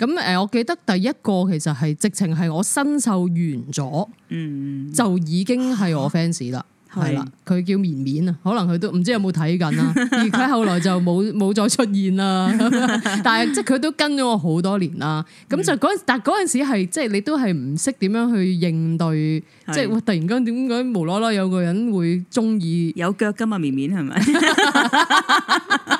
咁誒，我記得第一個其實係直情係我新秀完咗，嗯、就已經係我 fans 啦，係啦是，佢叫綿綿啊，可能佢都唔知有冇睇緊啦， 而佢後來就冇冇再出現啦。 但係即係佢都跟咗我好多年啦。咁、嗯、就嗰陣，但嗰陣時係即係你都係唔識點樣去應對，即係的突然間點解無啦啦有個人會中意有腳噶嘛綿綿係咪？綿綿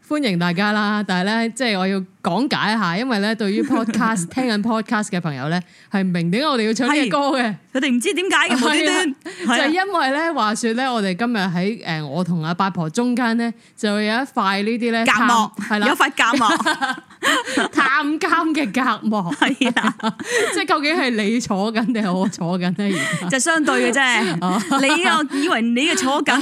歡迎大家啦！但係咧，即係我要講解一下，因為咧，對於 podcast 聽緊 podcast 嘅朋友咧，係唔明點解我哋要唱呢隻歌嘅。佢哋唔知點解嘅就係、是、因為咧，啊、話説咧，我哋今日喺誒我同阿八婆中間咧，就會有一塊呢啲咧夾膜，係啦磨，的有塊夾膜。探監嘅隔膜，係啊，即係究竟係你坐緊定係我坐緊咧？就相對嘅啫。你又以為你嘅坐緊，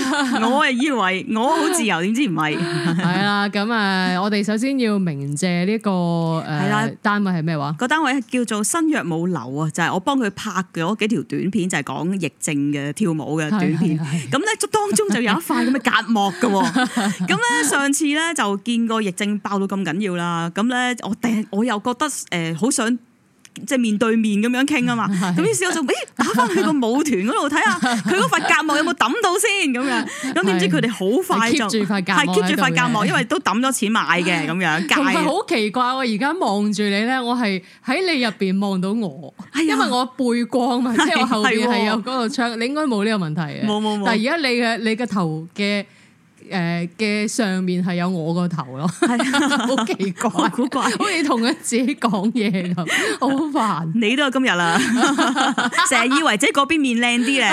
我係以為我好自由，點知唔係？係啦，咁啊，我哋首先要明謝呢個誒，係啦，單位係咩話？個單位叫做新約舞流啊，就係我幫佢拍咗幾條短片，就係講疫症嘅跳舞嘅短片。咁咧，當中就有一塊咁嘅隔膜㗎。咁咧，上次咧就見個疫症爆到咁緊要啦，咁咧。咧我定我又覺得誒好，呃、想即係面對面咁樣傾啊嘛，咁是於是我就誒打翻去個舞團嗰度睇下佢嗰塊隔膜有冇抌到先咁樣，咁點是知佢哋好快就係 keep 住塊隔膜，因為都抌咗錢買嘅咁樣，同埋好奇怪喎！而家望住你咧，我係喺你入邊望到我，因為我背光嘛，啊、即係我後邊係有嗰個窗，啊、你應該冇呢個問題嘅。冇冇冇。但係而家你嘅你嘅頭嘅。誒嘅上面係有我個頭咯，好奇怪，古怪，好似同佢自己講嘢咁，好煩。你都有今日啦，成日以為即係嗰邊面靚啲咧，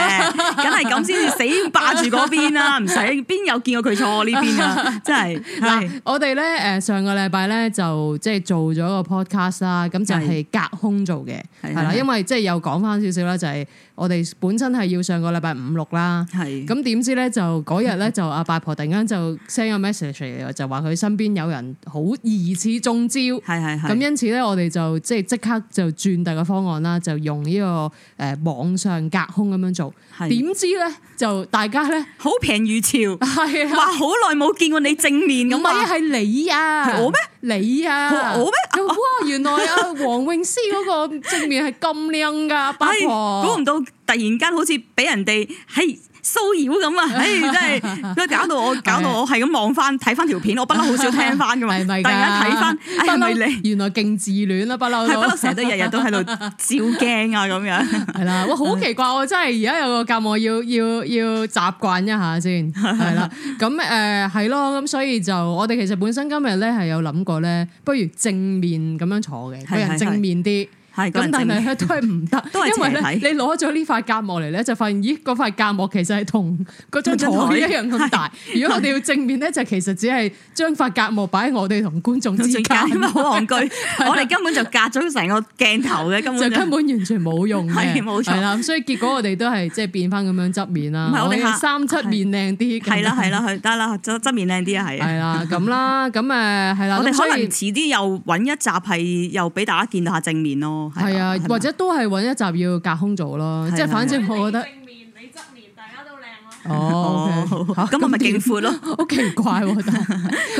梗係咁先至死霸住嗰邊啦，唔使邊有見過佢錯我呢邊啊！真係嗱，我哋咧誒上個禮拜咧就即係做咗個 podcast 啦，咁就係隔空做嘅，係啦，因為即係又講翻少少啦，就係我哋本身係要上個禮拜五六啦，係咁點知咧就嗰日咧就阿八婆第然間就 send 個 message 嚟就話佢身邊有人好疑似中招，係係係。咁因此咧，我哋就即係即刻就轉第二個方案啦，就用呢個誒網上隔空咁樣做。點是的 知咧就大家咧好平如潮，係話好耐冇見過你正面咁啊！係你啊？我咩？你啊？我咩？我哇！原來啊，黃詠詩嗰個正面係咁靚噶，哎、 啊，估唔到突然間好似俾人哋喺。騷擾咁啊！哎，真係都 搞到我， 搞到我係咁望翻睇翻條片，我 不嬲好少聽翻噶嘛。咪、哎？突然間睇翻，哎，原來勁自戀啦、啊，不嬲 都成日都日日都喺度照鏡啊咁樣。係 啦， 我好奇怪，我真係而家有個覺悟要要要習慣一下先，係啦。咁誒係咯，咁、呃、所以就我哋其實本身今日咧係有諗過咧，不如正面咁樣坐嘅，個人正面啲。係咁，但係咧都係唔得，因為咧你攞咗呢塊隔膜嚟，咧就發現咦，嗰塊隔膜其實係同嗰種鏡頭一樣咁大。如果我哋要正面咧，就其實只係將塊隔膜擺喺我哋同觀眾之間，好戇居。我哋根本就隔咗成個鏡頭嘅，根本就根本完全冇用嘅，冇錯。所以結果我哋都係即係變翻咁樣側面啦，我哋三七面靚啲。係啦係啦，得啦，側面靚啲啊，係係啦咁啦，咁誒係啦。我哋可能遲啲又搵一集係又俾大家見到下正面咯。係啊，或者都係搵一集要隔空做咯，即係的反正我覺得正面你側面大家都靚咯。哦，咁咪咪勁闊咯， 好奇怪喎！唔係，但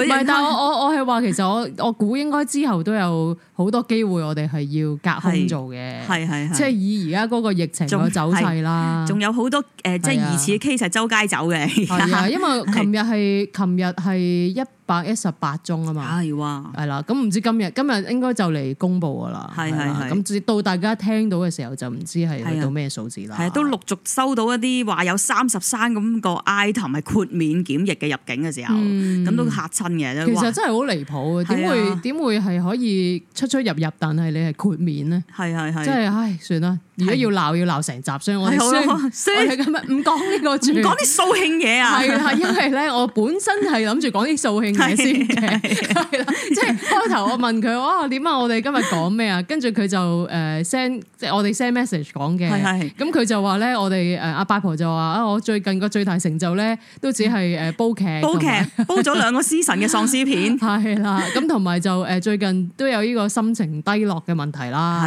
係 人看 我我我係話其實我我估應該之後都有。好多機會，我哋係要隔空做嘅，係係係，即係以而家嗰個疫情嘅走勢啦，仲有好多誒，即係疑似嘅 case 周街走嘅，係啊，因為琴日係琴日係一百一十八宗啊嘛，係哇，係啦，咁唔知今日今日應該就嚟公布噶啦，係係係，咁至到大家聽到嘅時候就唔知係去到咩數字啦，係都陸續收到一啲話有三十三咁個 i 頭係豁免檢疫嘅入境嘅時候，咁都嚇親嘅。其實真係好離譜嘅，點會點會係可以出？出出入入，但係你係豁免咧？係係係，即係唉，算啦。如果要鬧，的要鬧成集，所以我好我哋今日唔講呢個，唔講啲掃興嘢啊。係係， 因為咧，我本身係諗住講啲掃興嘢先，即係開頭我問佢啊，點啊？我哋今日講咩啊？跟住佢就誒 send，即係我哋 send message 講嘅。咁佢就話咧，我哋誒阿八婆就話啊，我最近個最大成就咧，都只係誒煲劇，煲劇劇煲咗兩個屍神嘅喪屍片。係啦， 咁同埋就誒、呃、最近都有呢、這個。心情低落嘅問題啦，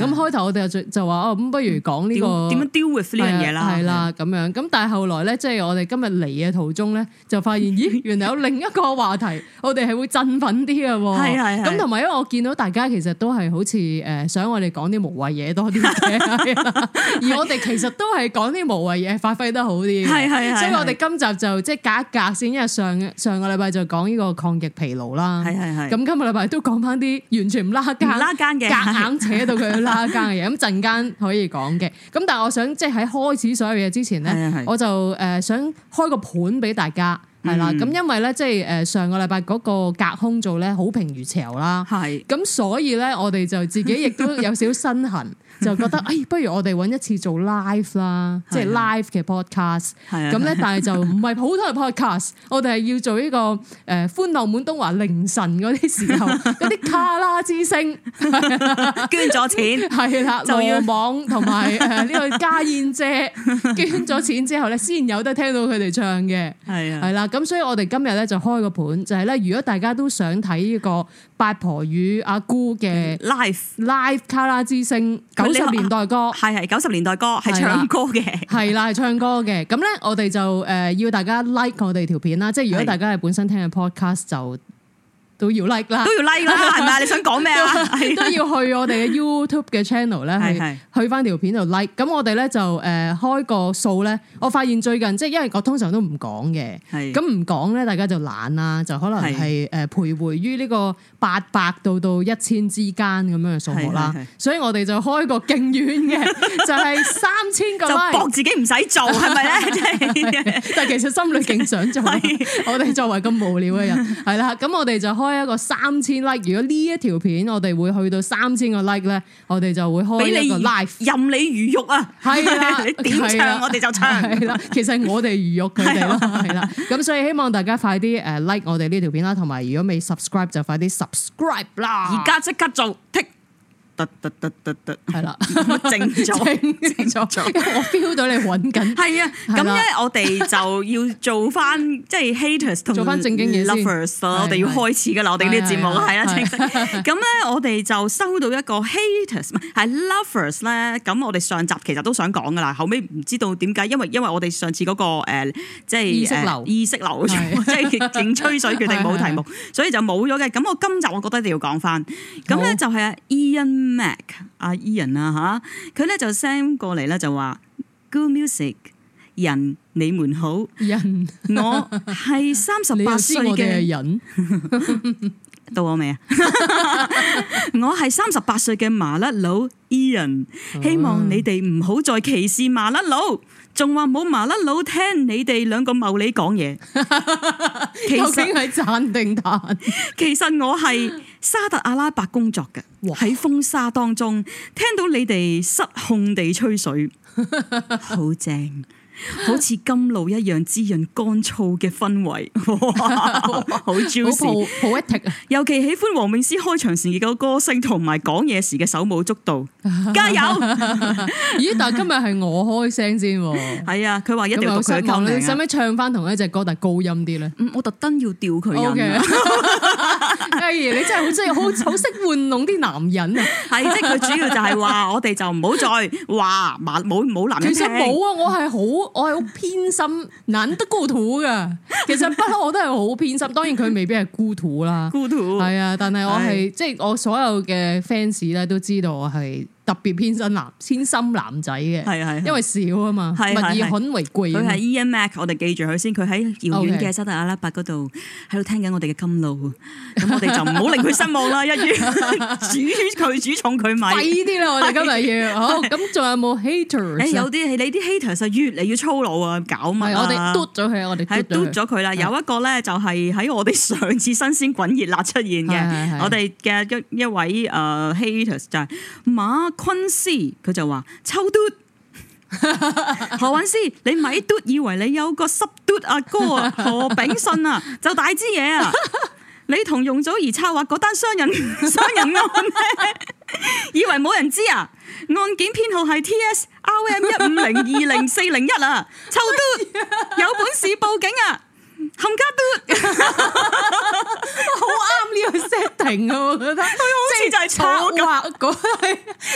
咁開頭我哋就就話哦，咁不如講呢個點樣 deal with 呢啲嘢啦，係啦咁樣。咁但係後來咧，即係我哋今日嚟嘅途中咧，就發現咦，原來有另一個話題，我哋係會振奮啲嘅喎。咁同埋因為我見到大家其實都係好似誒想我哋講啲無謂嘢多啲嘅，而我哋其實都係講啲無謂嘢，發揮得好啲。所以我哋今集就即係隔一隔先，因為上上個禮拜就講呢個抗疫疲勞啦。咁今個禮拜都講翻啲完全。唔拉更，夾硬，硬扯到佢拉更嘅嘢，咁陣間可以講嘅。咁但係我想即係喺開始所有嘢之前咧，是是是我就誒、呃、想開個盤俾大家，係啦。咁因為咧即係誒、呃、上個禮拜嗰個隔空做咧，好評如潮啦。係咁，所以咧我哋就自己亦都有少少身痕。 就覺得誒，不如我哋揾一次做 live 啦，即係 live 嘅 podcast。咁咧，但係就唔係普通嘅 podcast，我哋係要做呢個誒歡樂滿東華凌晨嗰啲時候嗰啲卡拉之星，捐咗錢係啦，就要網同埋誒呢個家燕姐捐咗錢之後咧，先有得聽到佢哋唱嘅。係啊，係啦，咁所以我哋今日咧就開個盤，就係咧，如果大家都想睇呢個八婆與阿姑嘅 live live 卡拉之星。九十年代歌，說年代歌，係係九十年代歌，係唱歌嘅，係啦，係唱歌嘅。咁咧，我哋就誒要大家 like 我哋條片啦。即係如果大家係本身聽嘅 podcast 的就。都要 like 啦，都要 like 啦，係咪啊？你想講咩啊？都要去我哋嘅 YouTube 嘅 channel 咧，係去翻條片度 like。咁我哋咧就誒開個數咧，我發現最近即係因為我通常都唔講嘅，係咁唔講咧，大家就懶啦，就可能係誒徘徊於呢個八百到到一千之間咁樣嘅數目啦。所以我哋就開個勁遠嘅，就係三千個 like，搏自己唔使做，係咪咧？即係但係其實心裏勁想做。我哋作為咁無聊嘅人，係啦，咁我哋就開。一個三千 like，如果呢一條片我哋會去到三千個 like 咧，我哋就會開一個 live，任你魚肉啊！係啊，你點唱我哋就唱啦。其實我哋魚肉佢哋咯，係啦。咁所以希望大家快啲誒 like 我哋呢條片啦，同埋如果未 subscribe 就快啲 subscribe 啦。而家即刻做 take。得得得得得，係 r 啦 す ud，正正正正，我 feel 到你揾緊，係啊，咁咧我哋就要做翻即係 haters 同做翻正經嘢 s 我哋要開始噶啦。我哋呢啲節目，係啊，咁咧我哋就收到一個 haters 唔係 lovers 咧，咁我哋上集其實都想講噶啦，後尾唔知道點解，因為因為我哋上次嗰個即係意識流意即係勁吹水決定冇題目，所以就冇咗嘅，咁我今集我覺得一定要講翻，咁咧就係啊伊恩。Mac 阿 Ian 啊吓，佢咧就 send 過嚟咧就話 Good music 人，你們好人，我係三十八歲嘅人， 到我未沒啊？ 我係三十八歲嘅麻甩佬 Ian，希望你哋唔好再歧視麻甩佬。仲話冇麻甩佬聽你哋兩個茂利講嘢，究竟係賺定蝕？其實我係沙特阿拉伯工作嘅，喺風沙當中聽到你哋失控地吹水，好正。好似甘露一樣滋潤乾燥嘅氛圍，好 juicy，好 poetic。尤其喜歡黃詠詩開場時嘅歌聲同埋講嘢時嘅手舞足蹈，加油！咦？但係今日係我開聲先，係啊！佢話一定要讀佢啊！你使唔使唱翻同一隻歌，但係高音啲咧？嗯，我特登要調佢音。嘉怡，你真係好真係好好識玩弄啲男人啊！係，即係佢主要就係話，我哋就唔好再話麻，冇冇男人。其實冇啊，我係好，我係好偏心，難得孤土噶。其實不嬲，我都係好偏心。 當然佢未必係孤土啦，孤土兔係啊。但係我係即係我所有嘅粉 a 都知道我係。特別偏心男，偏心男仔嘅，係係，因為少啊嘛，物以罕為貴。佢係 E.M.Mac，我哋記住佢先。佢喺遙遠嘅沙特阿拉伯嗰度，喺度聽緊我哋嘅金路。咁我哋就唔好令佢失望啦，一於主佢主重佢米。係依啲啦，我哋今日要。好，咁仲有冇 hater？誒，有啲係你啲 hater 實越嚟越粗魯啊，搞乜啊？係我哋篤咗佢，我哋係篤咗佢啦。有一個咧就係喺我哋上次新鮮滾熱辣出現嘅，我哋嘅一一位誒 hater 就係馬。昆師佢就話抽嘟，何韻詩，你咪嘟以為你有個濕嘟阿哥啊？哥哥何炳信啊，就大支嘢啊！你同容祖兒策劃嗰單商人商人案呢，以為冇人知啊？案件編號係 T S R M 一五零二零四零一啊！抽嘟有本事報警啊！冚家都好啱呢 個 setting 啊！我覺得佢好似就坐緊嗰，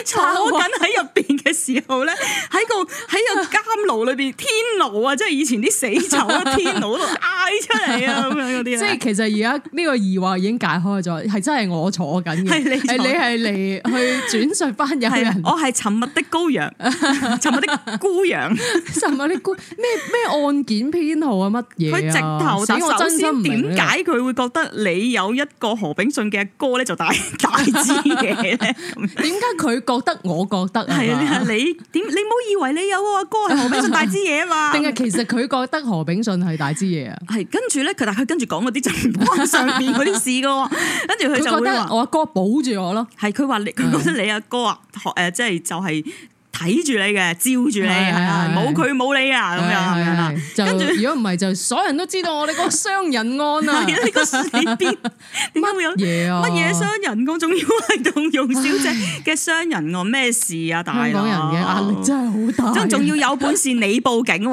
坐緊喺入邊嘅時候咧，喺個喺個監牢裏邊天牢啊！即係以前啲死囚啊，天牢度嗌出嚟啊！咁樣嗰啲咧，即係其實而家呢個疑惑已經解開咗，係真係我坐緊嘅。係你係你係嚟去轉述翻入去。我係沉默的羔羊，沉默的羔羊，沉默的孤咩咩 案件編號啊，乜嘢啊？我首先，點解佢會覺得你有一個何炳信嘅阿哥咧，就大大枝嘢咧？點解佢覺得我覺得啊？係 啊，你點？ 你冇以為你有阿哥係何炳信大支嘢嘛？定係 其實佢覺得何炳信係大支嘢啊？係 跟住咧，佢但係跟住講嗰啲唔關上面嗰啲事噶喎，跟住佢就會覺得：「我阿哥保住我咯。」係佢話你，佢覺得你阿哥啊，呃即係就係、係就係。睇住你嘅，照住你，係啊，冇佢冇你啊，咁樣係咪跟住如果唔係，就所有人都知道我哋個傷人案啊，呢個事點解會有嘢乜嘢傷人案？仲要係董蓉小姐嘅傷人案？咩事啊？香港人嘅壓力真係好大，即仲要有本事你報警，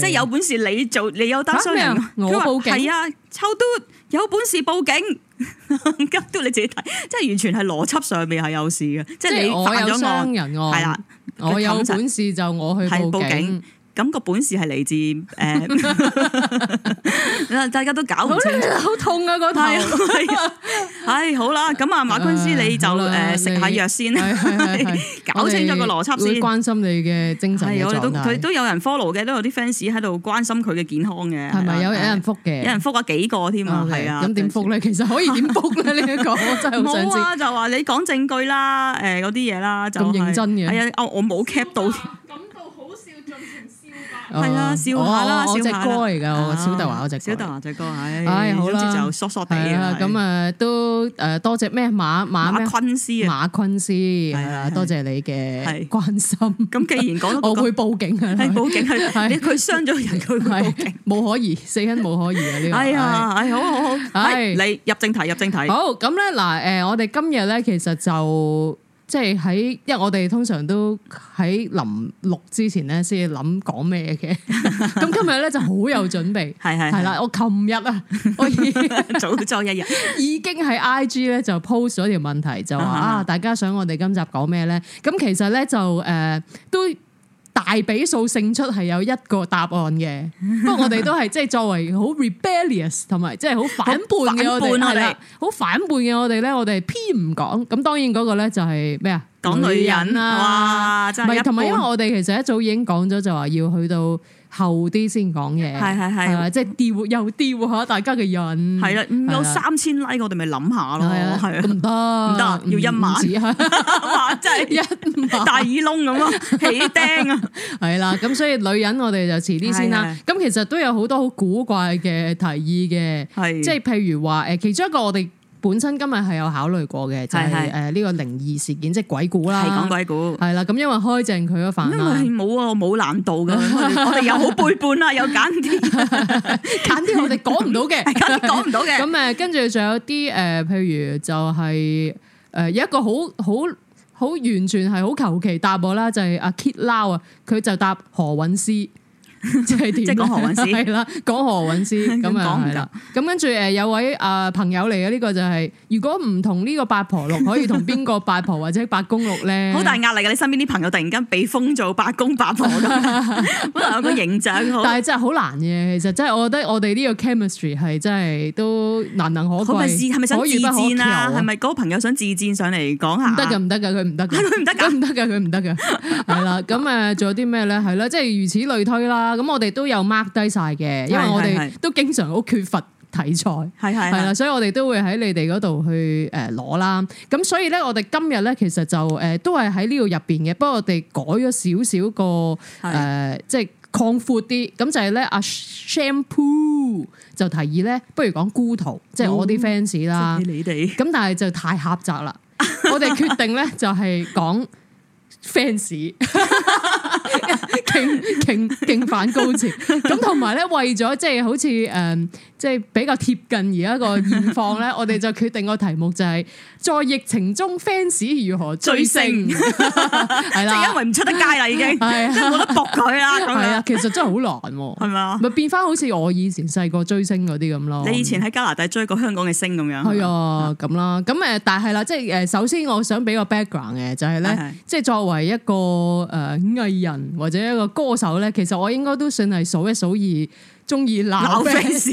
即係有本事你做，你有單傷人，我報警係啊，臭嘟，有本事報警，急嘟你自己睇，即係完全係邏輯上面係有事嘅，即係你犯咗案，係啦。我有本事就我去報警。咁個本事係嚟自，誒，大家都搞好清楚。好痛啊！個頭，係唉，好啦。咁啊，馬昆斯你就誒食下藥先，搞清楚個邏輯先。關心你嘅精神嘅狀態，我哋都，佢都有人 follow 嘅，都有啲 fans 喺度關心佢嘅健康嘅，係咪有有人覆嘅？有人覆啊幾個添啊？係啊，咁點覆咧？其實可以點覆咧？呢一個真係冇啊！就話你講證據啦，誒嗰啲嘢啦，就認真嘅係啊。哦，我冇 cap 到。係啊，笑下啦，笑下。我隻歌嚟噶，小豆華嗰隻。小豆華隻歌，唉。唉，好啦，就疏疏地。咁啊，都誒，多謝咩馬馬昆斯啊。馬昆斯係啊，多謝你嘅關心。咁既然講到，我會報警啊，係報警啊，你佢傷咗人，佢咪冇可疑，死因冇可疑啊呢個。哎呀，哎，好好好。係你入正題，入正題。好，咁咧嗱，誒，我哋今日咧其實就。即係喺，因為我哋通常都喺臨錄之前咧，先要諗講咩嘅。咁今日咧就好有準備，係係係啦。我琴日啊， 我已經早咗一日已經喺 IG 咧就 post 咗條問題，就話啊，大家想我哋今集講咩咧？咁 其實咧就誒、呃、都。大比數勝出係有一個答案嘅， 不過我哋都係即係作為好 rebellious 同埋即係好反叛嘅我哋，係啦，好反叛嘅、啊、了你我哋咧，我哋係偏唔講。咁當然嗰個咧就係咩啊？講女，女人啊，哇！唔係，同埋因為我哋其實一早已經講咗，就話要去到。後啲先講嘢，係係係，即係調又調吓大家嘅人，係啦，有三千 like 我哋咪諗下咯，係啊，咁唔得，唔得，要一萬，真係一大耳窿咁咯，起釘啊，係啦，咁所以女人我哋就遲啲先啦。咁其實都有好多好古怪嘅提議嘅，係，即係譬如話誒，其中一個我哋。本身今日係有考慮過嘅，就係誒呢個靈異事件，即係鬼故啦。係講鬼故係啦，咁因為開正佢個範圍，因為冇啊，我冇難度嘅， 我哋又好背叛啦，又揀啲揀啲我哋講唔到嘅，揀啲講唔到嘅。咁誒， 跟住仲有啲誒，譬如就係誒有一個好好好完全係好求其答我啦，就係、是、阿 Kit Lau 啊，佢就答何韻詩。即係點講？係啦，講何韻詩咁啊，係啦。咁跟住誒，有位啊朋友嚟嘅呢個就係，如果唔同呢個八婆六，可以同邊個八婆或者八公六咧？好大壓力噶！你身邊啲朋友突然間被封做八公八婆咁，可有個形象但係真係好難嘅，其實真係，我覺得我哋呢個 chemistry 係真係都難能可貴。佢咪自係咪想自薦啊？係咪嗰個朋友想自薦上嚟講下？得噶唔得噶？佢唔得佢唔得噶，佢唔得噶，係啦。咁誒，仲有啲咩咧？係啦，即係如此類推啦。咁、啊、我哋都有 mark 低晒嘅，因為我哋都經常好缺乏題材，係係啦，所以我哋都會喺你哋嗰度去誒攞啦。咁、呃、所以咧，我哋今日咧其實就誒、呃、都係喺呢度入邊嘅。不過我哋改咗少少個誒、呃，即係擴闊啲。咁、嗯、就係、是、咧、啊，阿 Shampoo 就提議咧，不如講菇徒，即係我啲 fans 啦、哦。就是、你哋咁，但係就太狹窄啦。 我哋決定咧就係、是、講 fans。 勁勁勁反高潮咁，同埋咧為咗即係好似誒，即係比較貼近而家個現況咧，我哋就決定個題目就係、是、在疫情中 fans 如何追星，係啦，因為唔出得街啦，已經係冇得搏佢啦，係 啊，其實真係好難，係咪啊？咪吧變翻好似我以前細個追星嗰啲咁咯。你以前喺加拿大追過香港嘅星咁樣，係 啊，咁啦，咁誒，但係啦，即係誒，首先我想俾個 background 嘅、就是， 就係咧，即係作為一個誒藝人。或者一個歌手咧，其實我應該都算係數一數二中意鬧 fans，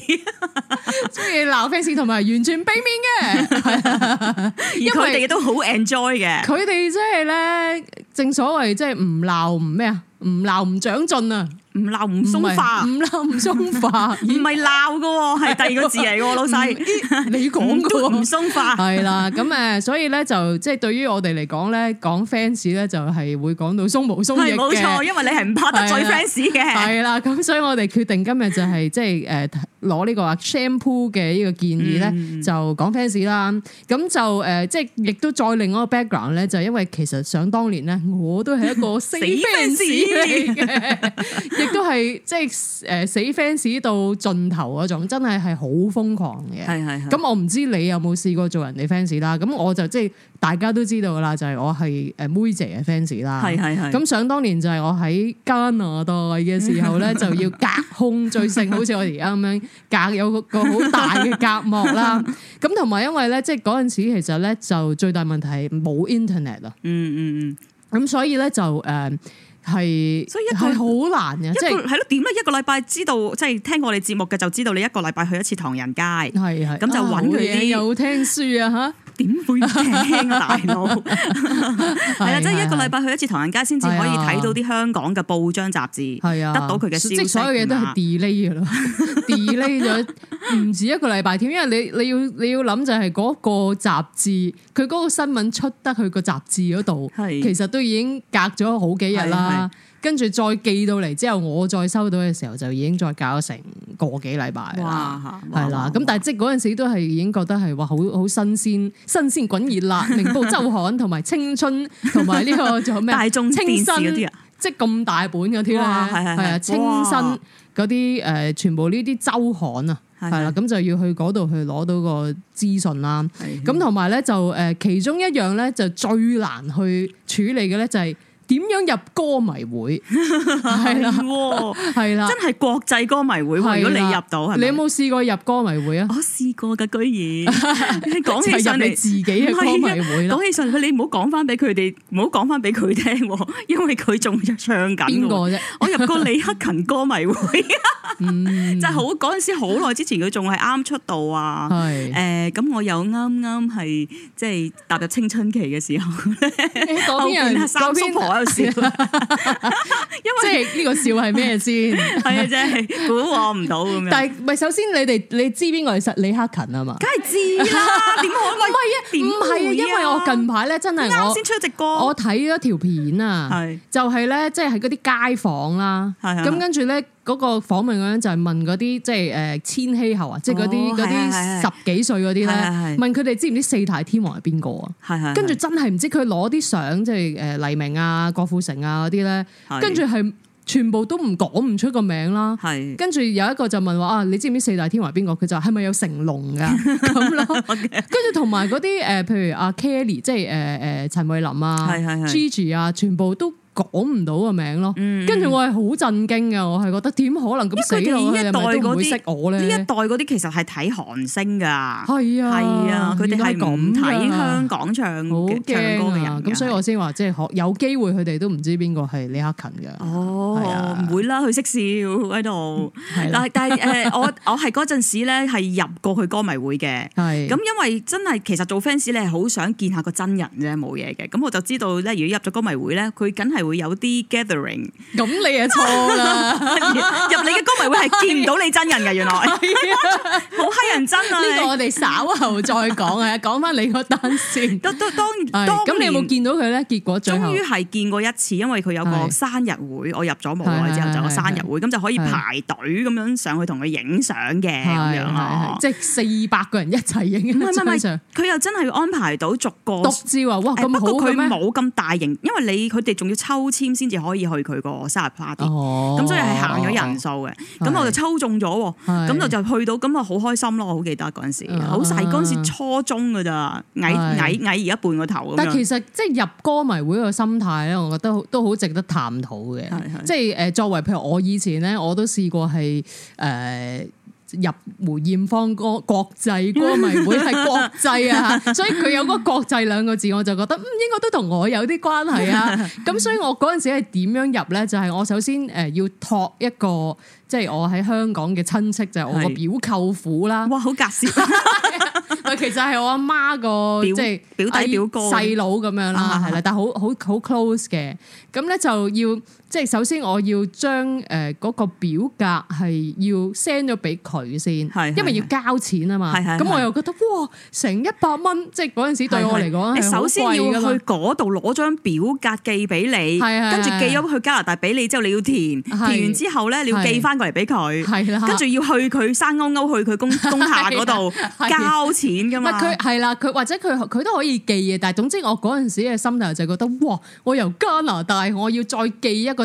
中意鬧 fans 同埋完全俾面嘅， 因為而佢哋都好 enjoy 嘅。佢哋即係咧，正所謂即係唔鬧唔咩啊！唔鬧唔長進啊，唔鬧唔鬆化，唔鬧唔鬆化，唔係鬧噶，係第二個字嚟噶， 老細闆 你講噶唔鬆化係啦，咁 誒，所以咧就即係對於我哋嚟講咧，講 fans 咧就係會講到鬆毛鬆翼嘅，冇錯，因為你係唔怕得罪 fans 嘅，係啦，咁所以我哋決定今日就係、是、即係誒。呃攞呢個啊 Shampoo 嘅呢個建議咧，嗯、就講 fans 啦。咁就誒，即係亦都再另外一個 background 咧，就因為其實想當年咧，我都係一個死 fans 嚟嘅，亦都係即係誒、呃、死 fans 到盡頭嗰種，真係係好瘋狂嘅。係咁是、嗯、我唔知你有冇試過做人哋 fans 啦。咁我就即係大家都知道噶啦，就係、是、我係誒妹姐嘅 fans 啦。係咁想當年就係我喺加拿大嘅時候咧， 就要隔空追星，好似我而家咁樣。隔有個好大嘅隔膜啦，咁同埋因為咧，即係嗰陣時其實咧就最大問題係冇 internet 啊。嗯嗯嗯，咁所以咧就誒係，呃、所以一個好難嘅，即係係咯點解一個禮拜、就是、知道即係、就是、聽過我哋節目嘅，就知道你一個禮拜去一次唐人街，係啊是，咁就揾佢啲有聽書啊嚇。 點會聽啊，大佬係啊，即係一個禮拜去一次唐人街先至可以睇到啲香港嘅報章雜誌，係啊，得到佢嘅消息。即係所有嘢都係 delay 㗎啦，delay 咗唔止一個禮拜添，因為你要你要你要諗就係嗰個雜誌，佢嗰個新聞出得去個雜誌嗰度，係啊，其實都已經隔咗好幾日啦。跟住再寄到嚟之後，我再收到嘅時候就已經再搞成個幾禮拜啦，係啦。咁但係即嗰陣時都係已經覺得係話好好新鮮、新鮮滾熱辣、明報周刊同埋青春同埋呢個仲有咩？大眾電視即係咁大本嗰啲啦，係啊，清新嗰啲誒，全部呢啲周刊啊，係啦，咁就要去嗰度去攞到個資訊啦。咁同埋咧就誒，其中一樣咧就最難去處理嘅咧就係。點樣入歌迷會，係啦，係啦，真係國際歌迷會。如果你入到，你有冇試過入歌迷會啊？我試過噶，居然。你講起上嚟自己歌迷會，講起上佢，你唔好講翻俾佢哋，唔好講翻俾佢聽，因為佢仲唱緊邊個啫？我入過李克勤歌迷會，就好嗰陣時好耐之前，佢仲係啱出道啊。誒，咁我有啱啱係即係踏入青春期嘅時候，當然係三笑啦，因為即係呢個笑係咩先？係啊，真係估我唔到咁樣。 樣但係，咪首先你哋你知邊個係實李克勤啊嘛？梗係知啦，點可唔係啊？唔係、啊，因為我近排咧真係啱先出咗隻歌，我睇咗條片啊，係就係、是、咧，即係喺嗰啲街坊啦，咁是跟住咧。嗰個訪問咁樣就係問嗰啲即係誒千禧後啊，即係嗰啲嗰啲十幾歲嗰啲咧，問佢哋知唔知四大天王係邊個啊？係跟住真係唔知，佢攞啲相，即係誒黎明啊、郭富城啊嗰啲咧，跟住係全部都唔講唔出個名啦。係。跟住有一個就問話啊，你知唔知四大天王係邊個？佢就係咪有成龍㗎？咁咯。跟住同埋嗰啲誒，譬如阿 Kelly，即係誒誒陳慧琳啊，Gigi 啊，全部都。講唔到個名咯，跟住我係好震驚嘅，我係覺得點可能咁死老嘅人唔會識我咧？呢一代嗰啲其實係睇韓星㗎，係啊，係啊，佢哋係唔睇香港唱唱歌嘅人。咁所以我先話即係有機會佢哋都唔知邊個係李克勤㗎。哦，唔會啦，佢識笑喺度。但係誒，我我係嗰陣時咧係入過去歌迷會嘅。咁因為真係其實做 fans 你係好想見下個真人啫，冇嘢嘅。咁我就知道咧，如果入咗歌迷會咧，佢梗係。會有啲 gathering，咁你又錯啦！入你嘅歌迷會係見唔到你真人嘅，原來好乞人憎啊！呢個我哋稍後再講，係啊，講翻你嗰單先。當當當，咁你有冇見到佢咧？結果最後終於係見過一次，因為佢有個生日會，我入咗冇耐之後就有個生日會，咁就可以排隊咁樣上去同佢影相嘅咁樣咯，即係四百個人一齊影。佢又真係安排到逐個，獨自哇咁好咩？不過佢冇咁大型，因為你佢哋仲要抽。抽籤先至可以去佢個生日 party，咁、哦、所以係行咗人數嘅。咁、哦、我就抽中咗，咁我是就去到，咁啊好開心咯！我好記得嗰陣時，好細嗰陣時初中噶咋，矮矮矮而一半個頭。但其實即係入歌迷會個心態咧，我覺得都好值得探討嘅。即係誒，作為譬如我以前咧，我都試過係誒。呃入梅艷芳國際歌迷會，係國際啊， 所以佢有嗰個國際兩個字，我就覺得嗯應該都同我有啲關係啊。咁 所以我嗰陣時係點樣入咧？就係、是、我首先誒要託一個，即、就、係、是、我喺香港嘅親戚，就係、是、我個表舅父啦。哇，好搞笑！啊，其實係我阿媽個即係表弟表哥細佬咁樣啦，係啦，但係好好好 close 嘅。咁咧就要。即係首先我要將誒個表格係要 send 咗俾佢先，是的 因為要交錢啊嘛。咁是的 我又覺得哇，成一百蚊，即係陣時對我嚟講係好貴㗎啦，你首先要去嗰度攞張表格寄俾你，跟住是的 寄咗去加拿大俾你之後你要填，是的 填完之後咧你要寄翻過嚟俾佢，跟住是的 要去佢生勾勾去佢公公廈度交錢㗎嘛。佢係啦，佢或者佢佢都可以寄嘅，但係總之我陣時嘅心態就係覺得哇，我由加拿大我要再寄一個。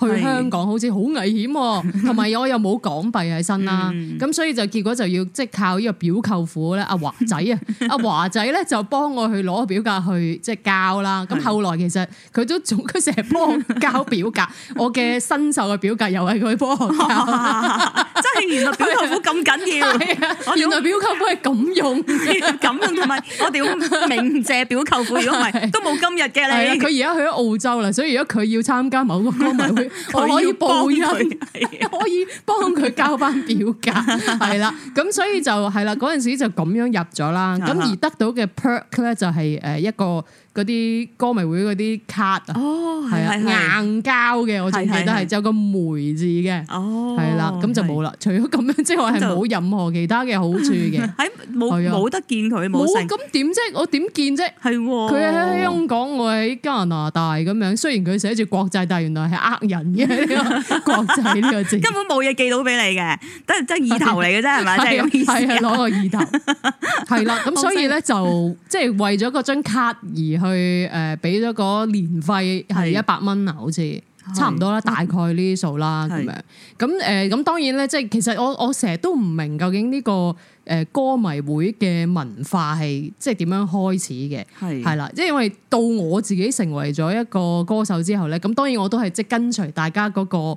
去香港好似好危險，同埋我又冇港幣喺身啦，咁所以就結果就要即係靠呢個表舅父咧，阿華仔啊，阿華仔咧就幫我去攞表格去即係交啦。咁後來其實佢都仲佢成日幫交表格，我嘅新秀嘅表格又係佢幫交，即係原來表舅父咁緊要，原來表舅父係咁用，咁用同埋我哋點鳴謝表舅父，如果唔係都冇今日嘅你。佢而家去咗澳洲啦，所以如果佢要參加某個歌迷會，我可以報恩幫佢， 可以幫佢交翻表格，係啦， 咁所以就係啦，嗰陣時就咁樣入咗啦，咁 而得到嘅 perk 咧就係誒一個。嗰啲歌迷會嗰啲卡啊。係啊硬膠嘅，我仲記得係有個梅字嘅，係啦，咁就冇啦。除咗咁樣之外，係冇任何其他嘅好處嘅，喺冇冇得見佢，冇咁點即係我點見啫？係佢喺香港，我喺加拿大咁樣。雖然佢寫住國際，但係原來係呃人嘅，國際呢個字，根本冇嘢寄到俾你嘅，得得意頭嚟嘅啫，係嘛？即係咁意思，攞個意頭係啦。咁所以咧就即係為咗嗰張卡而。去誒俾咗個年費係一百蚊啊，好似差唔多啦，大概呢啲數啦咁是樣。咁誒咁當然咧，即係其實我我成日都唔明，究竟呢個誒歌迷會嘅文化係即係點樣開始嘅，係啦，即係是因為到我自己成為咗一個歌手之後咧，咁當然我都係即係跟隨大家嗰個。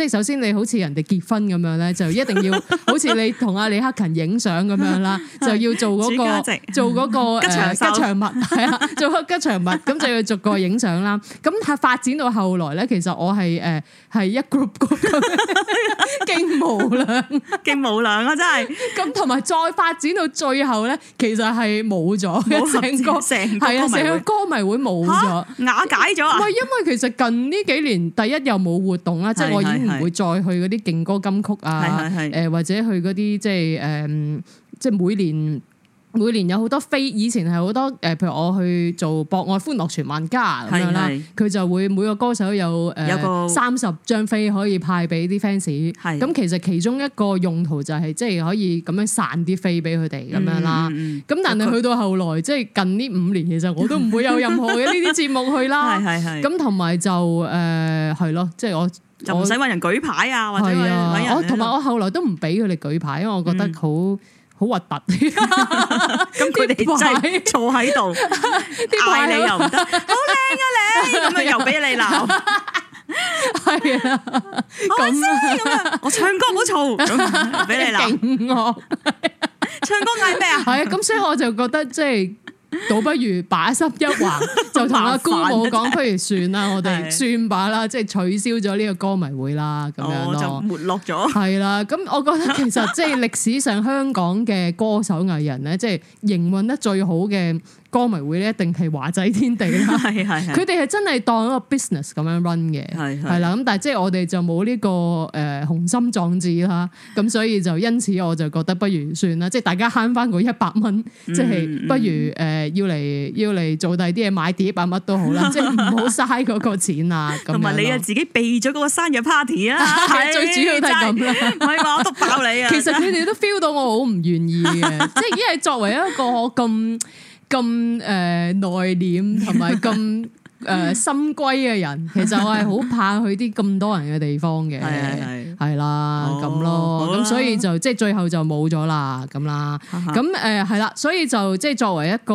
即係首先你好似人哋結婚咁樣咧，就一定要好似你同阿李克勤影相咁樣啦，就要做嗰個做嗰個誒吉祥物係啊，做個吉祥物咁就要逐個影相啦。咁係發展到後來咧，其實我係誒係一 group group，勁無量勁無量啊真係。咁同埋再發展到最後咧，其實係冇咗成個成係啊，成個歌迷會冇咗，瓦解咗。唔係因為其實近呢幾年第一又冇活動啦，即係我已經。唔會再去嗰啲勁歌金曲啊，誒是、呃、或者去嗰啲即係誒，即係、呃、每年。每年有好多飛，以前係好多誒，譬如我去做博愛歡樂傳萬家咁樣啦，佢是是 就會每個歌手有誒有個三十張飛可以派俾啲 fans。咁是的 其實其中一個用途就係即係可以咁樣散啲飛俾佢哋咁樣啦。咁、嗯嗯嗯嗯、但係去到後來，即係、嗯、近呢五年，其實我都唔會有任何嘅呢啲節目去啦。係咁同埋就誒係咯，即、呃、係、就是、我就唔使揾人舉牌啊，的或者我同埋我後來都唔俾佢哋舉牌，的因為我覺得好好核突，咁佢哋就係坐喺度嗌你又唔得， 好靚啊你，咁啊又俾你鬧，係 啊，咁啊 聲， 我唱歌唔好嘈，俾你鬧，常 唱歌嗌咩啊？係啊， 咁所以我就覺得即係。就是倒不如把心一橫， 就同阿姑母講，不如算啦，我哋算罷啦，即係的取消咗呢個歌迷會啦，咁、哦、樣咯，就沒落咗。係啦，咁我覺得其實即係歷史上香港嘅歌手藝人咧，即係營運得最好嘅。歌迷會咧，一定係華仔天地啦，佢哋係真係當一個 business 咁樣 run 嘅，係是是 啦咁。但係即係我哋就冇呢、這個誒雄、呃、心壯志啦，咁所以就因此我就覺得不如算啦，即係大家慳翻嗰一百蚊、嗯呃，即係不如誒要嚟要嚟做第二啲嘢、買碟啊乜都好啦，即係唔好嘥嗰個錢啊。同埋你啊自己備咗嗰個生日 party 啊， 最主要 都係咁啦，唔係話篤爆你啊。其實佢哋都 feel 到我好唔願意嘅，即係 因為作為一個我咁。咁誒內斂同埋咁誒深閨嘅人， 其實我係好怕去啲咁多人嘅地方嘅，係係啦咁咯，咁吧所以就即係最後就冇咗啦咁啦，咁誒係啦，所以就即係作為一個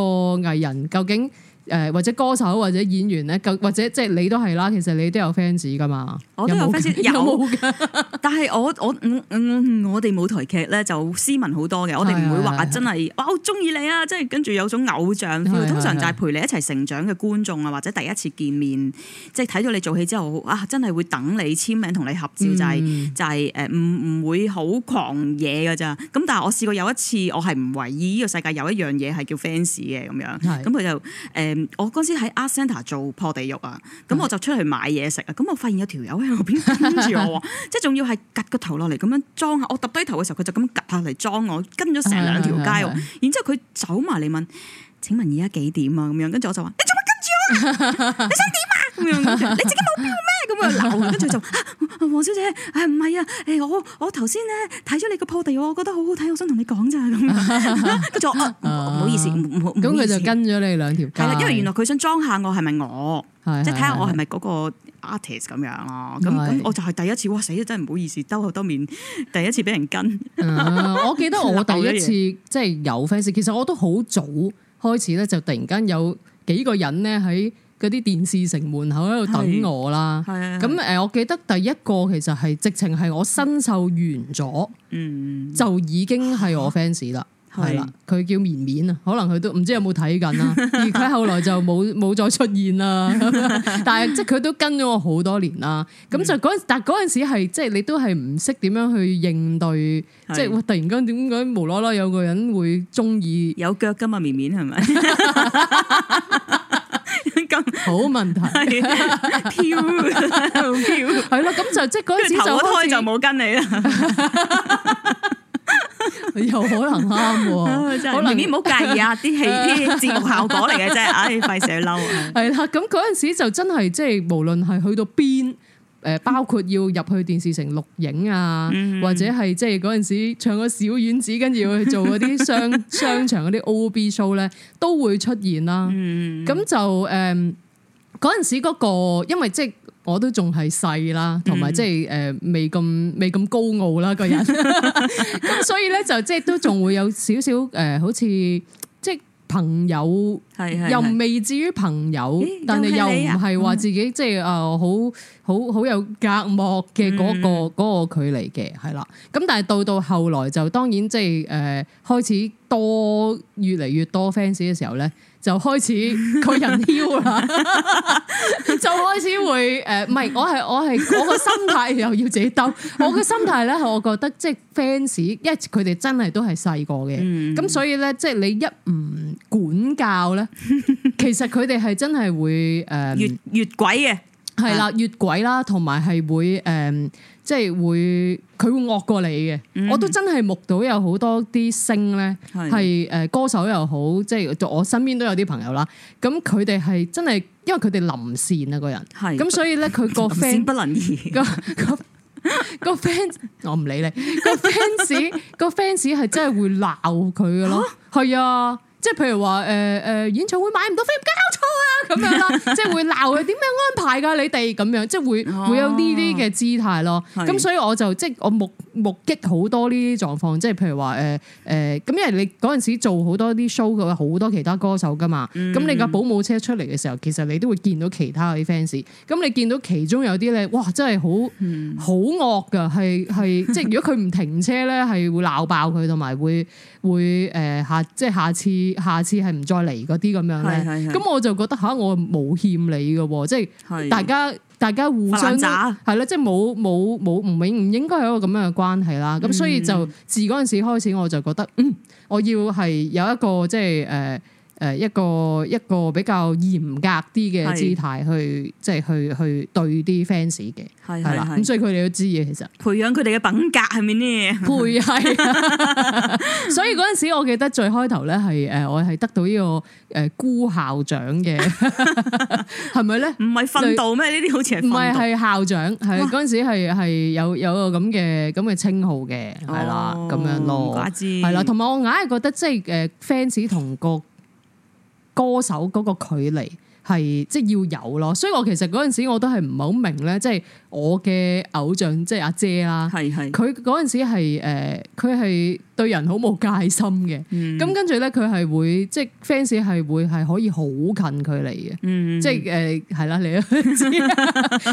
藝人，究竟，誒或者歌手或者演員咧，或者即係你都係啦。其實你都有 fans 噶嘛，我都有 fans 有嘅。有 但係我我、嗯、我哋舞台劇咧就斯文好多嘅。我哋唔會話真係哇我好中意你啊！即、就、係、是、跟住有種偶像，是的 通常就係陪你一齊成長嘅觀眾啊，是的 或者第一次見面，即係睇到你做戲之後啊，真係會等你簽名同你合照，嗯、就係、是、就係誒唔唔會好狂野嘅咋。咁但係我試過有一次，我係唔為意呢、這個世界有一樣嘢係叫 fans 嘅咁樣，咁佢就誒。嗯我嗰時喺 Art Centre 做破地獄啊，咁我就出去買嘢食啊，咁我發現有條友喺路邊跟住我，即係仲要係夾個頭落嚟咁樣裝下。我揼低頭嘅時候，佢就咁夾下嚟裝我，跟咗成兩條街哦。然之後佢走埋嚟問，請問而家幾點啊？咁樣，跟住我就話。你做 你想點啊？ 你自己冇標咩？咁又鬧，跟住就啊，黃小姐，唔、哎、唔係啊，我我頭先咧睇咗你個鋪地，我覺得好好睇，我想同你講咋咁。跟住我唔好意思，唔咁佢就跟咗你兩條街。啦、啊，因為原來佢想裝下我，係咪我？即係睇下我係咪嗰個 artist 咁樣咯。咁咁是是 我就係第一次，哇死啦！真係唔好意思，兜口兜面，第一次俾人跟、 啊。我記得我第一次即係有 fans 其實我都好早開始咧，就突然間有。幾個人咧喺嗰啲電視城門口喺度等我啦，咁誒是，我記得第一個其實係直情係我新秀完咗，嗯、就已經係我 fans 啦。係啦，佢叫綿綿啊，可能佢都唔知有冇睇緊啦，而佢後來就冇冇再出現啦。但係即係佢都跟咗我好多年啦。咁就嗰陣，但嗰陣時係即係你都係唔識點樣去應對，即係突然間點解無啦啦有個人會中意有腳噶嘛綿綿係咪？咁 這樣 好問題，飄飄係咯。咁就即係嗰陣時就開就冇跟你啦。 有 可能啱、啊，可能你唔好介意啊！啲戲啲節目效果嚟嘅啫，唉、哎，費事嬲。係啦， 咁嗰陣時就真係即係，無論係去到邊，誒，包括要入去電視城錄影啊，嗯、或者係即係嗰陣時唱個小丸子，跟住要去做嗰啲商商場嗰啲 OB show 咧，都會出現啦、啊。咁、嗯、就誒。嗯嗰陣時嗰、嗰個，因為即係我都仲係細啦，同埋即係誒未咁未咁高傲啦個人，咁、嗯、 所以咧就即係都仲會有少少誒，好似即係朋友，係是又未至於朋友，但係又唔係話自己即係啊好好好有隔膜嘅嗰個、嗯、嗰個距離嘅係啦。咁但係到到後來就當然即係誒開始多越嚟越多 fans 嘅時候咧。就開始個人囂啦，就開始會誒，唔係我係我係我個心態又要自己兜。我嘅心態咧，我覺得即係 fans，因為佢哋真係都係細個嘅，咁所以咧，即係你一唔管教咧，其實佢哋係真係會誒越越軌嘅，係啦，越軌啦，同埋係會誒。即係會佢會惡過你嘅。嗯、我都真係目睹有好多啲星咧，係誒歌手又好，即係我身邊都有啲朋友啦。咁佢哋係真係，因為佢哋林善啊個人，咁是所以咧佢個，個，個 fans, 不能言，個個 fans 我唔理你， 個 fans 個 fans 係真係會鬧佢噶咯，係啊。即係譬如話誒誒，演唱會買唔到飛交錯啊咁樣咯， 即係會鬧佢點樣安排噶你哋咁樣，即係會會有呢啲嘅姿態咯。咁、哦、所以我就即係、就是、我目目擊好多呢啲狀況，即係譬如話誒誒，咁、呃呃、因為你嗰陣時做好多啲 show 嘅好多其他歌手噶嘛，咁、嗯、你架保姆車出嚟嘅時候，其實你都會見到其他嗰啲 fans。咁你見到其中有啲咧，哇，真係好好惡噶，係係、嗯、即係如果佢唔停車咧，係會鬧爆佢，同埋會。會誒、呃、下，即係下次，下次係唔再嚟嗰啲咁樣咧。咁是我就覺得嚇，我冇欠你嘅喎，即係大家是的 大家互相，係咯冷，即係冇冇冇，唔應唔應該有一個咁樣嘅關係啦。咁、嗯、所以就自嗰陣時開始，我就覺得，嗯，我要係有一個即係誒。呃誒一個一個比較嚴格啲嘅姿態去，即係去去對啲 fans 嘅係啦。咁所以佢哋都知嘅其實，培養佢哋嘅品格係咪呢？培係是。 所以嗰陣時我記得最開頭咧係誒，我係得到呢個誒菇校長嘅係咪咧？唔 係訓導咩？呢啲類好似唔係係校長？係嗰陣時係係有有個咁嘅咁嘅稱號嘅，係啦咁樣咯。唔關事。係啦，同埋我硬係覺得即係誒 fans 同個。歌手嗰個距離係即係要有咯，所以我其實嗰陣時我都係唔係好明咧，即係我嘅偶像即係阿姐啦，係係佢嗰陣時係誒佢係對人好冇戒心嘅，咁跟住咧佢係會即係 fans 係會係可以好近距離嘅，即係誒係啦你都知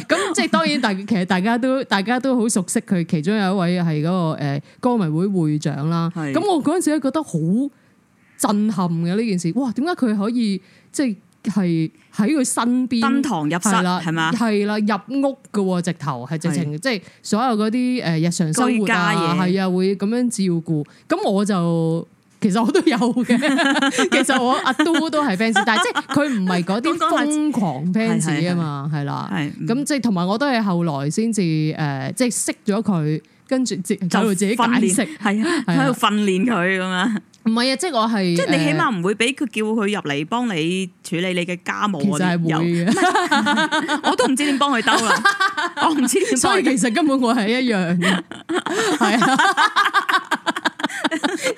咁即係當然大其實大家都大家都好熟悉佢，其中有一位係嗰個誒歌迷會會長啦，咁係我嗰陣時咧覺得好。震撼嘅呢件事，哇！點解佢可以即係喺佢身邊登堂入室係嘛係啦入屋嘅喎，直頭係直情即係所有嗰啲誒日常生活啊係啊會咁樣照顧，咁我就其實我都有嘅，其實我阿 都都係 fans，但係即係佢唔係嗰啲瘋狂 fans 啊嘛，係啦，係咁即係同埋我都係後來先至誒即係識咗佢，跟住就會自己解釋喺度訓練佢咁啊。又 Canton 唔係啊，即係我係，即係你起碼唔會俾佢叫佢入嚟幫你處理你嘅家務啊，其實係會嘅，我都唔知點幫佢兜啦，我唔知點，所以其實根本我係一樣嘅，係啊，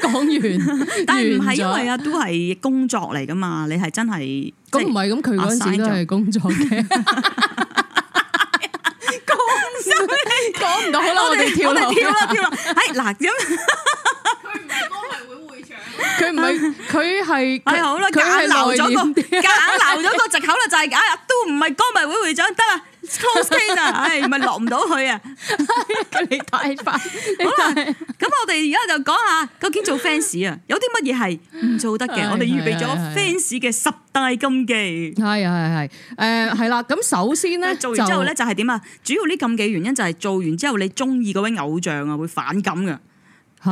講完。但係唔係因為啊，都係工作嚟噶嘛，你係真係，咁唔係咁佢嗰陣都係工作嘅，講唔講唔到好啦，我哋跳啦跳啦跳啦，係嗱咁。佢唔係，佢係，誒好啦，夾硬留咗個，夾硬留咗個藉口啦，就係啊，都唔係歌迷會會長得啦，close 啲咋，係咪落唔到去啊？你太快好啦，咁我哋而家就講下，究竟做 fans 啊，有啲乜嘢係唔做得嘅？我哋預備咗 fans 嘅十大禁忌，係係係，誒係啦，咁首先咧，做完之後咧就係點啊？主要呢禁忌原因就係做完之後你中意嗰位偶像啊會反感噶。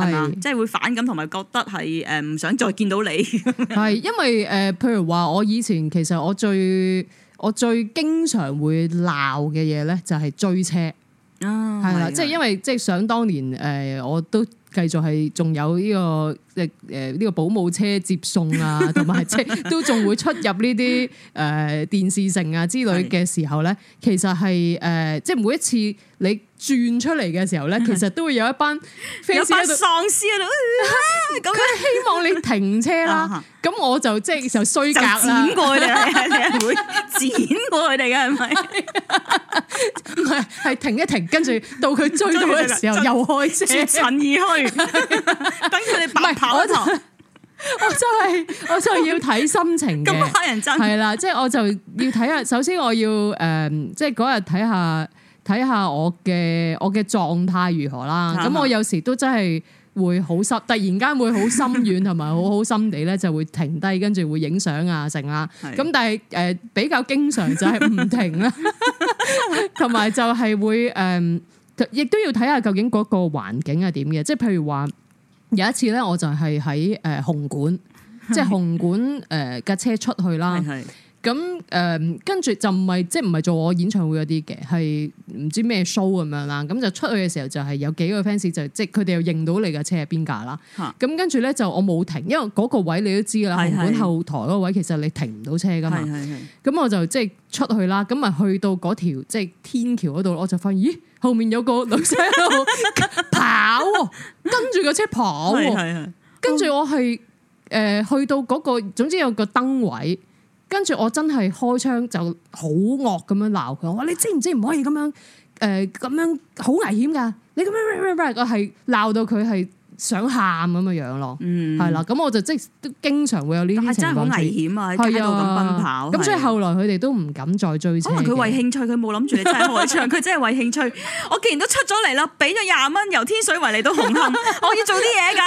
係即係會反感，同埋覺得係誒唔想再見到你。係因為誒，譬如話我以前其實我最我最經常會鬧嘅嘢咧，就係追車。係啦，即係因為即係想當年誒、呃，我都。繼續係，仲有呢、呢個誒誒呢個保姆車接送啊，同埋即都仲會出入呢啲誒電視城啊之類嘅時候咧， 其實係誒、呃、即係每一次你轉出嚟嘅時候咧， 其實都會有一班有班喪屍喺度，佢、啊、希望你停車啦。咁 我就即係 就，就衰格啦，剪過去啦， 佢哋嘅係咪？唔係，係停一停，跟住到佢追到嘅時候 又開始絕塵而去，等住你白跑一堂。我真係， 我就要睇心情嘅，係啦，即係我就要睇下。首先我要誒，即係嗰日睇下睇下我嘅我嘅狀態如何啦。咁 我有時都真係。會好深，突然間會好心軟，同埋好好心地咧，就會停低，跟住會影相啊，成啊，咁但係誒比較經常就係唔停啦，同埋 就係會誒、嗯，亦都要睇下究竟嗰個環境係點嘅。即係譬如話有一次咧，我就係喺誒紅館，是的 即係紅館誒架車出去啦。是的是的咁誒、嗯，跟住就唔係即係唔係做我演唱會嗰啲嘅，係唔知咩 show 咁樣啦。咁就出去嘅時候就係有幾個 fans 就是、即係佢哋又認到你嘅車係邊架啦。咁、啊、跟住咧就我冇停，因為嗰個位你都知噶啦，紅館是是 後台嗰個位其實你停唔到車噶嘛。咁我就即係出去啦。咁咪去到嗰條即係、就是、天橋嗰度，我就發現咦，後面有個女仔喺度跑， 跟住個車跑。是是是是跟住我係誒、呃、去到嗰、那個，總之有個燈位。跟住我真係開槍就好惡咁樣鬧佢，我話你知唔知唔可以咁樣？誒、呃、咁樣好危險㗎，你咁樣咁樣咁樣，呃呃、我係鬧到佢係。想喊咁嘅樣咯，係啦，咁我就即係都經常會有呢啲情況。真係好危險啊！喺度咁奔跑，咁所以後來佢哋都唔敢再追場。佢為興趣，佢冇諗住你真係開場，佢真係為興趣。我既然都出咗嚟啦，俾咗廿蚊由天水圍嚟到紅磡，我要做啲嘢噶，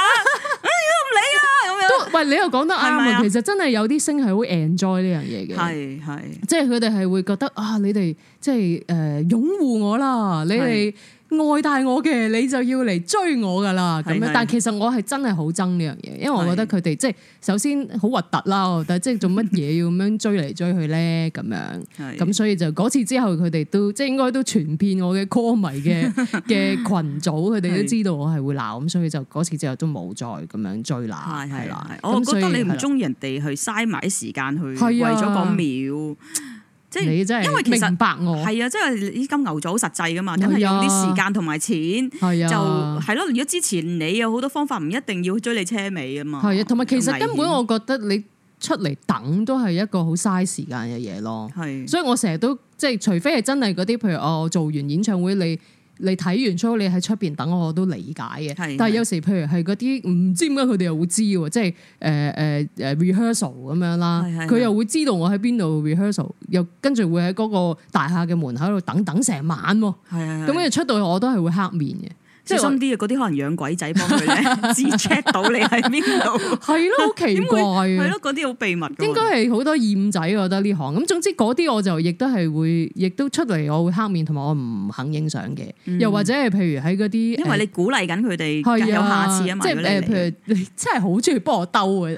你都唔理啊咁樣。都，喂，你又講得啱。其實真係有啲星係好 enjoy 呢樣嘢嘅，係係，即係佢哋係會覺得啊，你哋即係誒擁護我啦，你哋。愛戴我嘅，你就要嚟追我噶啦，咁樣的。但係其實我係真係好憎呢樣嘢，因為我覺得佢哋即係首先好核突啦，但係即係做乜嘢要咁樣追嚟追去咧？咁樣，咁的所以就嗰次之後，佢哋都即係應該都傳遍我嘅歌迷嘅嘅群組，佢哋 都知道我係會鬧，咁所以就嗰次之後都冇再咁樣追啦，係啦。我覺得你唔中意人哋去嘥埋啲時間去，係啊的，的為咗個秒。即係，因為其實明白我係啊，即係啲金牛座好實際噶嘛，咁係用啲時間同埋錢，啊、就係咯、啊。如果之前你有好多方法，唔一定要追你車尾啊嘛。係啊，同埋其實根本我覺得你出嚟等都係一個好嘥時間嘅嘢咯。係、啊，所以我成日都即係，除非係真係嗰啲，譬如我做完演唱會你。你睇完 show，你喺出邊等我，我都理解嘅。是是但係有時，譬如係嗰啲唔知點解佢哋又會知喎，即係誒誒、呃、誒、呃、rehearsal 咁樣啦，佢是又會知道我喺邊度 rehearsal，又跟住會喺嗰個大廈嘅門口度等等成晚喎。係，跟住出到去我都係會黑面嘅。小心啲啊！嗰啲可能養鬼仔幫佢咧， 只 check 到你喺邊度？係咯， 好奇怪啊！係咯， 啲好秘密。應該係好多二五仔，我覺得呢行。咁總之嗰啲我就亦都係會，亦都出嚟，我會黑面，同埋我唔肯影相嘅。又或者係譬如喺嗰啲，因為你，、欸、因為你鼓勵緊佢哋有下次啊嘛。即係、欸、譬如你真係好中意幫我兜嘅，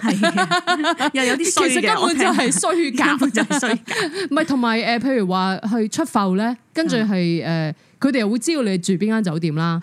又有啲衰 其實根本就係衰格，okay, 到就衰格。唔係同埋誒，譬如話去出埠咧，跟住係誒。嗯佢哋又會知道你住邊間酒店啦，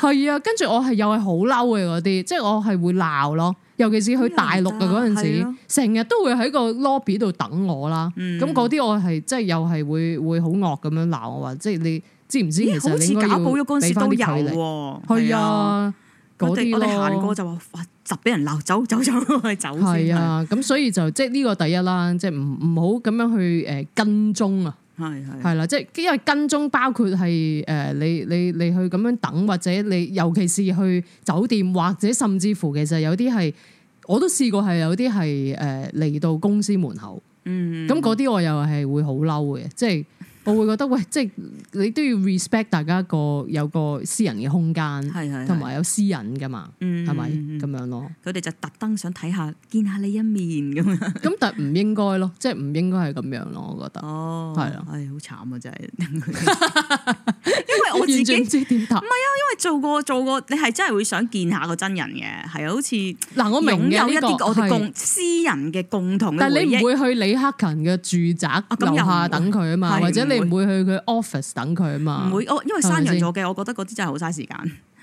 係啊，跟住我係又係好嬲嘅嗰啲，即係我係會鬧咯。尤其是去大陸嘅嗰陣時，成日都會喺個 lobby 度等我啦。咁嗰啲我係即係又係會會好惡咁樣鬧我話，即係你知唔知其實你搞保育嗰陣時都有喎。係啊，嗰啲我哋行過就話哇，集畀人鬧，走走走，咪走。係啊，咁所以就即係呢個第一啦，即係唔唔好咁樣去誒跟蹤啊。係係係啦，即係因為跟蹤包括係誒、呃，你你你去咁樣等，或者你尤其是去酒店，或者甚至乎其實有啲係我都試過係有啲係誒嚟到公司門口，嗯，咁嗰啲我又係會好嬲嘅，即係。我會覺得喂，即、就、係、是、你都要 respect 大家個有個私人嘅空間，同埋是有私隱噶嘛，嗯是是，係咪咁樣咯？佢哋就特登想睇下、見下你一面咁樣、 嗯。咁但係唔應該咯，即係唔應該係咁樣咯，我覺得。哦的，係啊、哎，唉、哎，好慘啊，真係，因為我自己唔 知係啊，這個、因為做過做過，你係真係會想見下個真人嘅，係啊，好似嗱，我擁有一啲我哋共私人嘅共同，但係你唔會去李克勤嘅住宅樓下，下等佢啊嘛，或者你、嗯。嗯唔會去佢 office 等佢啊嘛，唔會因為刪人咗嘅，我覺得嗰啲真係好嘥時間，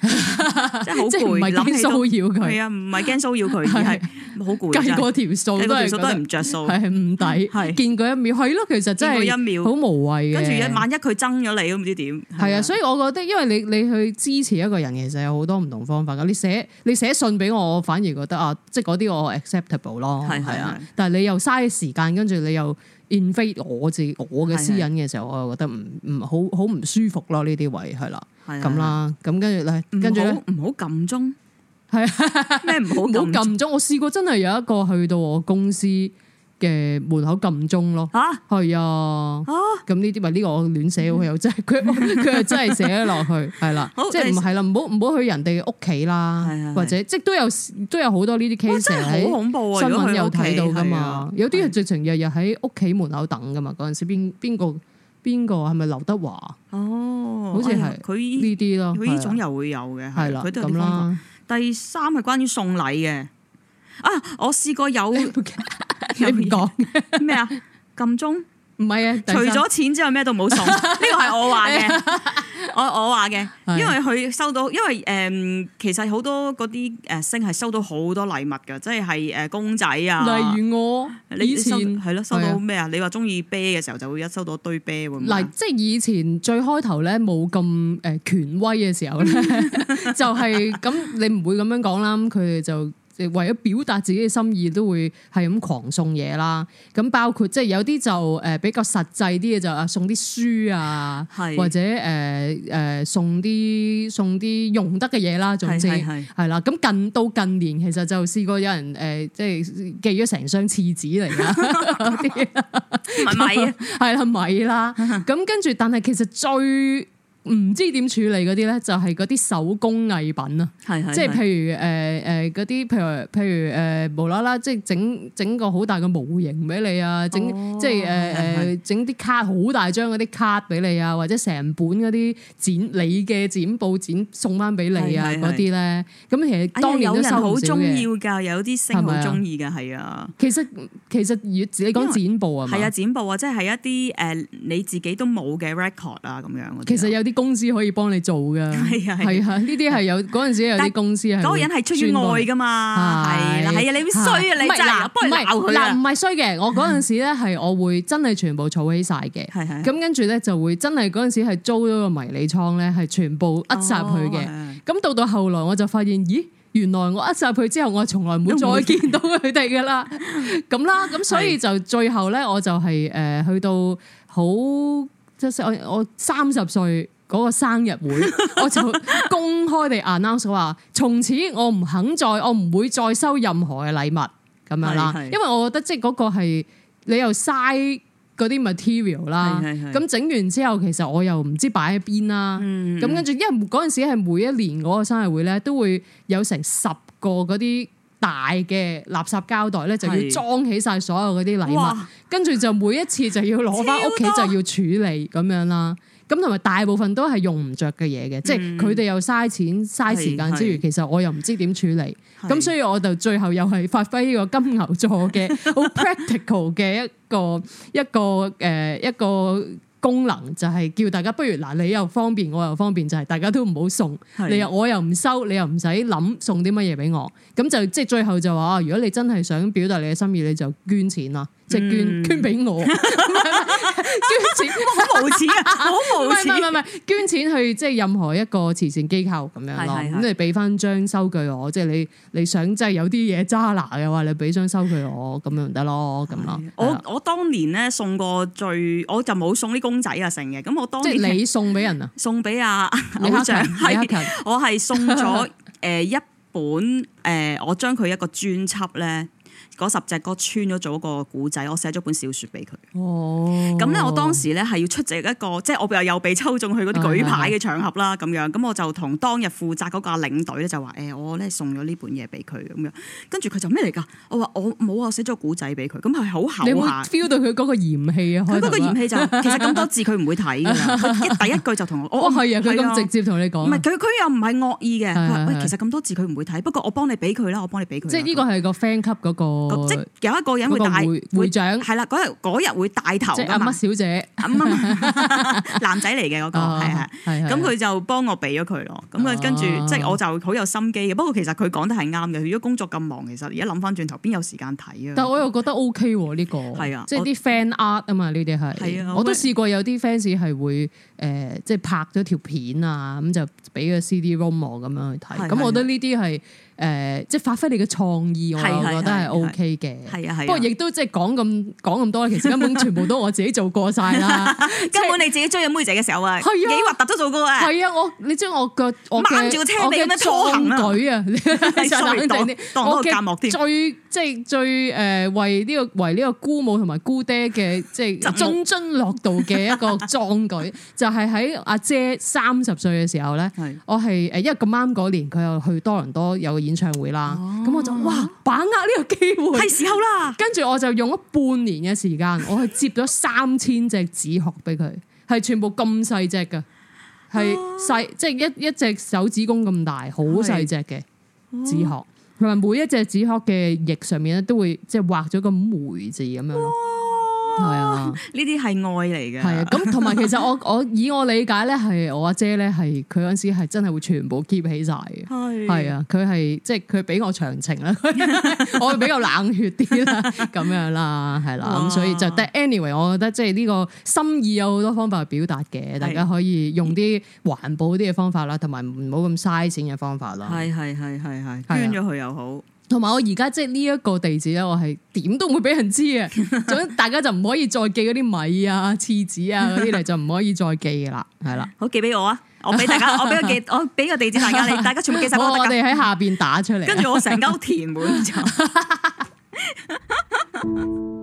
即係好攰，諗騷擾佢，係啊，唔係驚騷擾佢，係好攰，計過條數都係唔着數，係唔抵，係見佢一秒，係咯，其實真係一秒好無謂，跟住一萬一佢憎咗你都唔知點，係啊，所以我覺得因為你你去支持一個人，其實有好多唔同方法噶，你寫你寫信俾我，我反而覺得啊，即係嗰啲我 acceptable 咯，係係啊，但係你又嘥時間，跟住你又。invade 我自己我嘅私隱嘅時候，是的 我又覺得唔唔好好唔舒服咯、啊。呢啲位係啦，咁啦，咁跟住咧，跟住咧，唔好撳鐘，係啊，咩唔好撳撳鐘？ 我試過真係有一個去到我公司，嘅門口撳鐘咯，嚇係啊，咁呢啲咪呢個亂寫會又真係佢佢係真係寫咗落去，係啦，即係唔係啦，唔好唔好去人哋屋企啦，或者即係都有都有好多呢啲 case，真係好恐怖啊！新聞有睇到噶嘛，有啲係直情日日喺屋企門口等噶嘛，嗰陣時邊邊個邊個係咪劉德華？好似係呢啲咯，佢呢種又會有嘅，係啦，咁啦。第三係關於送禮嘅。啊！我試過有，你唔講咩啊？撳鐘唔係啊，除咗錢之外咩都冇送。呢個係我話嘅， 我我話嘅，的因為佢收到，因為誒、呃，其實好多嗰啲誒星係收到好多禮物噶，即係誒公仔啊。例如我你以前係咯，收到咩啊？的你話中意啤嘅時候就會一收到一堆啤咁。嗱，即係以前最開頭咧冇咁誒權威嘅時候咧， 就係咁你唔會咁樣講啦。咁佢哋就。為咗表達自己嘅心意，都會係咁狂送嘢啦。咁包括即係有啲就誒比較實際啲嘅就啊送啲書啊，係或者誒誒、呃、送啲送啲用得嘅嘢啦。總之係啦。咁近到近年其實就試過有人誒即係寄咗成箱廁紙嚟啦，米係啦米啦。咁跟住但係其實最。唔知點處理嗰啲咧，就係啲手工藝品啊，即係是譬如誒誒啲，譬如譬如誒、呃、無啦啦，即係整整個好大嘅模型俾你啊，整、哦、即係誒誒整啲卡好大張啲卡俾你啊，或者成本啲剪你嘅剪報剪送翻俾你啊啲咧，咁是其實當然都收少嘅。有人好中意㗎，有啲星好中意㗎，係啊。其實其實實你講剪報為是是啊，係啊剪報啊，即係一啲誒你自己都冇嘅 record 啊咁樣其實有啲。公司可以幫你做嘅，係啊，係啊，呢啲係有嗰陣時有啲公司係。嗰個人係出於愛㗎嘛，係啦，係啊，你衰啊，你真唔係衰嘅，我嗰陣時咧係我會真係全部儲起晒嘅，咁跟住咧就會真係嗰陣時係租咗個迷你倉咧，係全部呃晒入去嘅。咁到到後來我就發現，咦，原來我呃晒入去之後，我從來冇再見到佢哋㗎啦。咁啦，咁所以就最後咧，我就係誒去到好即係我我三十歲。嗰個生日會， 我就公開地 announce 話，從此我唔肯再，我唔會再收任何嘅禮物咁樣啦。是是因為我覺得即係嗰個係你又嘥嗰啲 material 啦。咁整是完之後，其實我又唔知擺喺邊啦。咁、嗯、跟住，因為嗰陣時係每一年嗰個生日會咧，都會有成十個嗰啲大嘅垃圾膠袋咧，就要裝起晒所有嗰啲禮物，是是哇跟住就每一次就要攞翻屋企就要處理咁樣啦。咁同埋大部分都係用唔著嘅嘢嘅，嗯、即係佢哋又嘥錢嘥時間之餘，其實我又唔知點處理。咁是所以我就最後又係發揮呢個金牛座嘅好 practical 嘅一個一個誒、呃、一個功能，就係、是、叫大家不如嗱，你又方便，我又方便，就係、是、大家都唔好送，是你又我又唔收，你又唔使諗送啲乜嘢俾我。咁就即係最後就話，如果你真係想表達你嘅心意，你就捐錢啦。捐捐俾我，捐錢好無恥，好無恥。唔係唔係捐錢去即係任何一個慈善機構咁樣咯。咁你俾翻，張收據我，即係你你想即係有啲嘢揸拿嘅話，你俾張收據我咁樣得咯。咁咯。我我當年咧送過最，我就冇送啲公仔啊成嘅。咁我當年即係你送俾人啊？送俾阿老將係，我係送咗誒一本誒，我將佢一個專輯咧。十隻歌穿咗做一個古仔，我寫咗本小說俾佢。哦，咁咧，我當時咧係要出席一個，即係我又又被抽中去嗰啲舉牌嘅場合啦，咁樣。咁我就同當日負責嗰個領隊咧就話，誒，我咧送咗呢本嘢俾佢咁樣。跟住佢就咩嚟噶？我話我冇啊，寫咗個古仔俾佢。咁係好厚下。feel 到佢嗰個嫌棄啊！佢嗰個嫌棄就其實咁多字佢唔會睇嘅。佢第一句就同我，哦，係啊，佢咁直接同你講。唔係佢佢又唔係惡意嘅。喂，其實咁多字佢唔會睇，不過我幫你俾佢啦，我幫你俾佢。即係呢個係個 fan 級嗰個。即有一個人會帶會長，係啦，嗰日嗰日會帶頭 啊嘛。乜小姐，男仔嚟嘅嗰個，係係。咁佢就幫我俾咗佢咯。咁啊，跟住即係我就好有心機嘅。不過其實佢講得係啱嘅。如果工作咁忙，其實而家諗翻轉頭，邊有時間睇啊？但係我又覺得 OK 喎、啊、呢、呢個，係啊，即係啲 fan art 啊嘛，呢啲係。的我都試過有啲 fans 係會誒，即係拍咗條片啊，咁就俾個 CD-ROM 咁樣去睇。咁的我覺得呢啲係。誒，即係發揮你嘅創意，我覺得係 OK 嘅。係啊，係。不過亦都即係講咁講，咁多，其實根本全部都我自己做過曬啦。根本你自己追阿妹仔嘅時候啊，幾核突都做過啊。係啊，我你將我腳掹住個車尾咩？錯行啊！你再講正啲，當我隔膜添。最即係最誒，為呢個為呢個姑母同埋姑爹嘅即係津津樂道嘅一個壯舉，就係喺阿姐三十歲嘅時候咧。係。我係誒，因為咁啱嗰年佢又去多倫多又。演唱會啦，咁、哦、我就哇，把握呢個機會係時候啦。跟住我就用咗半年嘅時間，我去接咗三千隻紙鶴俾佢，係全部咁細隻嘅，係細、哦、即係一一隻手指公咁大，好細隻嘅紙鶴。佢、哦、每一隻紙鶴嘅翼上面咧，都會即係畫咗個梅字咁樣咯。哦係啊，呢啲係愛嚟嘅。係啊，咁同埋其實我我以我理解咧，係我阿姐咧係佢嗰時係真係會全部 keep 起晒嘅。係是啊，佢係即係佢比我長情啦。我 比較冷血啲啦，咁 樣啦，係啦、啊。咁哇所以就得 anyway，我覺得即係呢個心意有好多方法去表達嘅，是大家可以用啲環保啲嘅方法啦，同埋唔好咁嘥錢嘅方法啦。係係係係係捐咗佢又好。同埋我而家即係呢一個地址咧，我係點都唔會俾人知啊！仲， 大家就唔可以再寄嗰啲米啊、廁紙啊嗰啲嚟，就唔可以再寄啦，係啦。好寄俾我啊！我俾大家，我俾個寄，我俾個，個地址大家，你大家全部寄晒我哋喺下邊打出嚟，跟住、嗯、我成間填滿咗。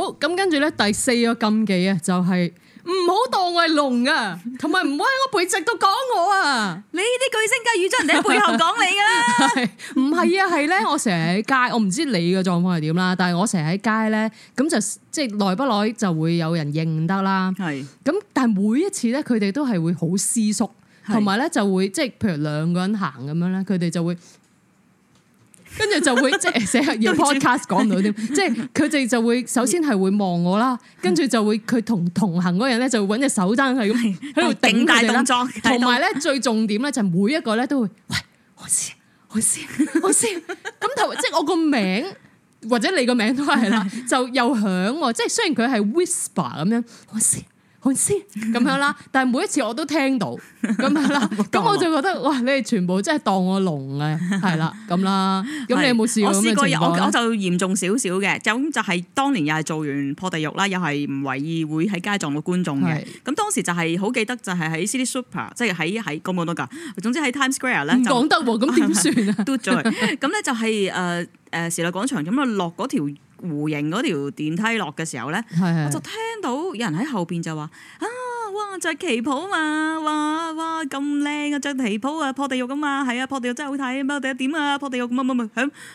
好咁，跟住咧第四個禁忌啊，就係唔好當我係龍啊，同埋唔好喺我背脊度講我啊！你呢啲巨星梗係預咗人哋喺背後講你噶喇，唔係 啊，係咧，我成日喺街，我唔知你嘅狀況係點啦，但係我成日喺街咧，咁就即係耐不耐就會有人認得啦。係咁是，但係每一次咧，佢哋都係會好思縮，同埋咧就會即係譬如兩個人行咁樣咧，佢哋就會。跟住就會 起即係成日用 podcast 講唔到添，即係佢哋就會首先係會望我啦，跟住 就會佢同同行嗰人咧就揾隻手踭佢咁喺度頂大動作，同埋咧最重點咧就每一個咧都會 喂，好笑，好笑，好笑，咁頭 即係我個名或者你個名都係啦， 就又響，即係雖然佢係 whisper 咁樣，好笑。好似咁樣啦，但係每一次我都聽到咁 樣啦，咁我就覺得哇，你哋全部真係當我聾嘅，係啦咁啦。咁你有冇試過？我試過，我我就嚴重少少嘅，就咁就係當年又係做完破地獄啦，又係唔為意會喺街撞到觀眾嘅。咁是當時就係、是、好記得就 Super，就，就係喺 City Super，即係喺喺咁多㗎，總之喺 Times Square 啦。唔講得喎，咁點算啊？都咗，咁咧就係誒誒時代廣場咁啊，落嗰條。弧形嗰條電梯落嘅時候咧，是是我就聽到有人喺後邊就話：啊，哇，着旗袍嘛，哇哇咁靚啊，着旗袍啊，破地獄咁嘛，係啊，破地獄真係好睇，我乜點啊，破地獄，乜乜乜。咁，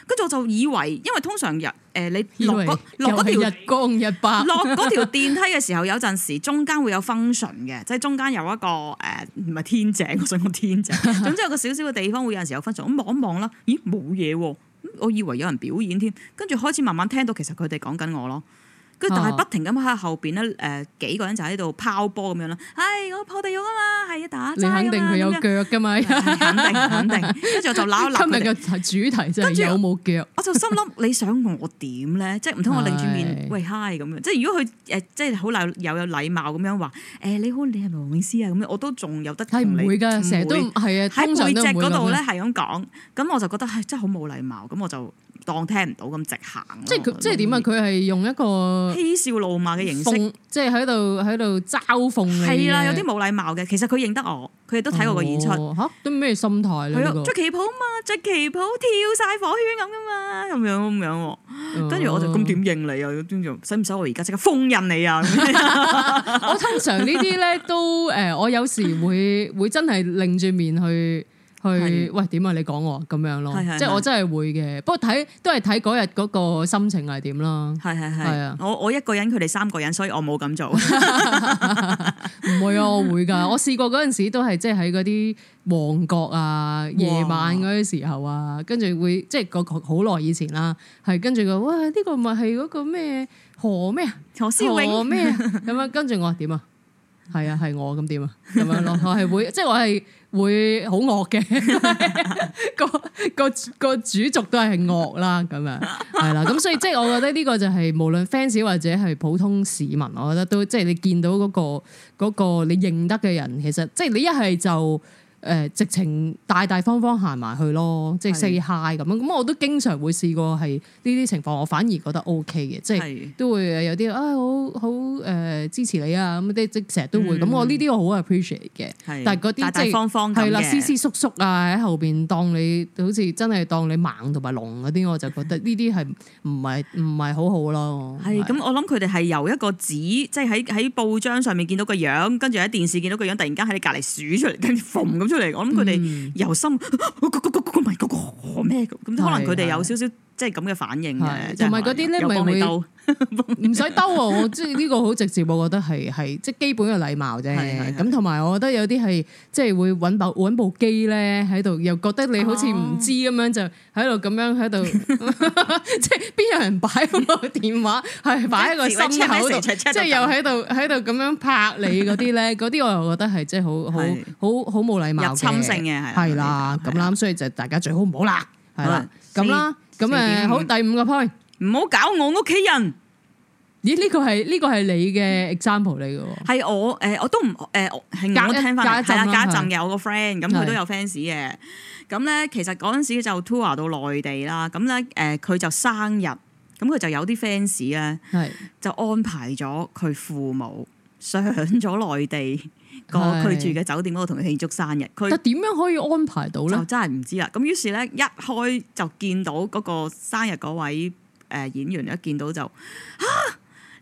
跟住我就以為，因為通常日，誒，你落嗰落嗰條日光日白，落嗰條電梯嘅時候，有陣時中間會有 function 嘅，即係中間有一個誒，唔、呃、係天井，我想講天井，總之有個少少嘅地方會有陣時候有 function，我望一望啦，咦，冇嘢喎。我以為有人表演添，跟住開始慢慢聽到，其實佢哋講緊我咯。跟住，但係不停咁喺後邊咧，誒、呃，幾個人就喺度拋波咁樣啦。唉、哎，我破地獄啊嘛，係啊，打你肯定佢有腳噶嘛，肯定肯定。跟住我就鬧鬧今日嘅主題真係有冇腳？我就心諗你想我點咧？即唔通我擰轉面喂 hi 咁樣？即如果佢誒，即好禮有有禮貌咁樣話誒、欸，你好，你係咪黃詠詩啊？咁樣我都仲有得同你唔會噶，成日會都係啊，喺背脊嗰度咧係咁講，咁我就覺得係、哎、真係好冇禮貌，咁我就。當聽唔到咁直行，即係佢即係點啊？佢係用一個嬉笑怒罵嘅形式，即係喺度喺度嘲諷你啦，有啲冇禮貌嘅。其實佢認得我，佢亦都睇過我個演出，吓都咩心態呢對、這個？着旗袍嘛，着旗袍跳晒火圈咁噶嘛，咁樣咁樣。跟住、哦、我就咁點認你啊？點做？使唔使我而家即刻封印你啊？ 我通常呢啲咧都誒，我有時會會真係擰住面去。去餵點啊？你講我咁、啊、樣咯，是是是即係我真係會嘅。是是是不過睇都係睇嗰日嗰個心情係點啦。係係、啊、我我一個人，佢哋三個人，所以我冇咁做。唔會啊，我會㗎。我試過嗰陣時都係即係喺嗰啲旺角啊，夜晚嗰啲時候啊，跟住會即係好耐以前啦、啊，係跟住佢，「哇呢、這個咪係嗰個咩何咩何詩穎咩咁樣？跟住我話點啊？係啊，係我咁點啊？咁樣咯，我係會， 即係我係會好惡嘅，個個個主族都係惡啦，咁樣係啦。咁所以即係我覺得呢個就係無論 fans 或者係普通市民，我覺得都即係你見到嗰個嗰個你認得嘅人，其實即係你一係就。誒直情大大方方行埋去咯，即係 say hi 咁的樣。咁我都經常會試過係呢啲情況，我反而覺得 OK 嘅，即係都會有啲啊、哎、好好誒、呃、支持你啊咁啲即成日都會。咁、嗯、我呢啲我好 appreciate 嘅。的但係嗰啲大大方方嘅係係啦，思思縮縮啊喺後邊當你好似真係當你盲同埋聾嗰啲，我就覺得呢啲係唔係唔係好好咯。係咁，我諗佢哋係由一個紙即係喺喺報章上面見到個樣，跟住喺電視見到個樣，突然間喺你隔離鼠出嚟跟住馴咁。出嚟，我諗佢哋由心嗰個、嗰個、嗰個、嗰個咩咁，咁可能佢哋有少少。即係咁嘅反應嘅，同埋嗰啲咧，咪會唔使兜？我即係呢個好直接，我覺得係係即係基本嘅禮貌啫。咁同埋，我覺得有啲係即係會揾部揾部機咧喺度，又覺得你好似唔知咁樣就喺度咁樣喺度，即係邊有人擺個電話係擺喺個心口度，即係又喺度喺度咁樣拍你嗰啲咧，嗰啲我又覺得係即係好好好好冇禮貌、入侵性嘅係啦。咁啦，所以就大家最好唔好啦，係啦，咁啦。咁啊、嗯，好第五個 point，唔好搞我屋企人。咦？呢個係呢個係你嘅 example 嚟嘅？係 我誒、呃，我都唔誒，係、呃、加我聽翻家陣有個 friend，咁佢都有 fans 嘅。咁咧，其實嗰陣時就 tour 到內地啦。咁咧，誒，佢就生日，咁佢就有啲 fans 咧，就安排咗佢父母上咗內地。是 個佢住嘅酒店嗰度同佢慶祝生日，佢但點樣可以安排到咧？就真係唔知啦。咁於是咧，一開就見到嗰個生日嗰位，誒演員，一見到就嚇。啊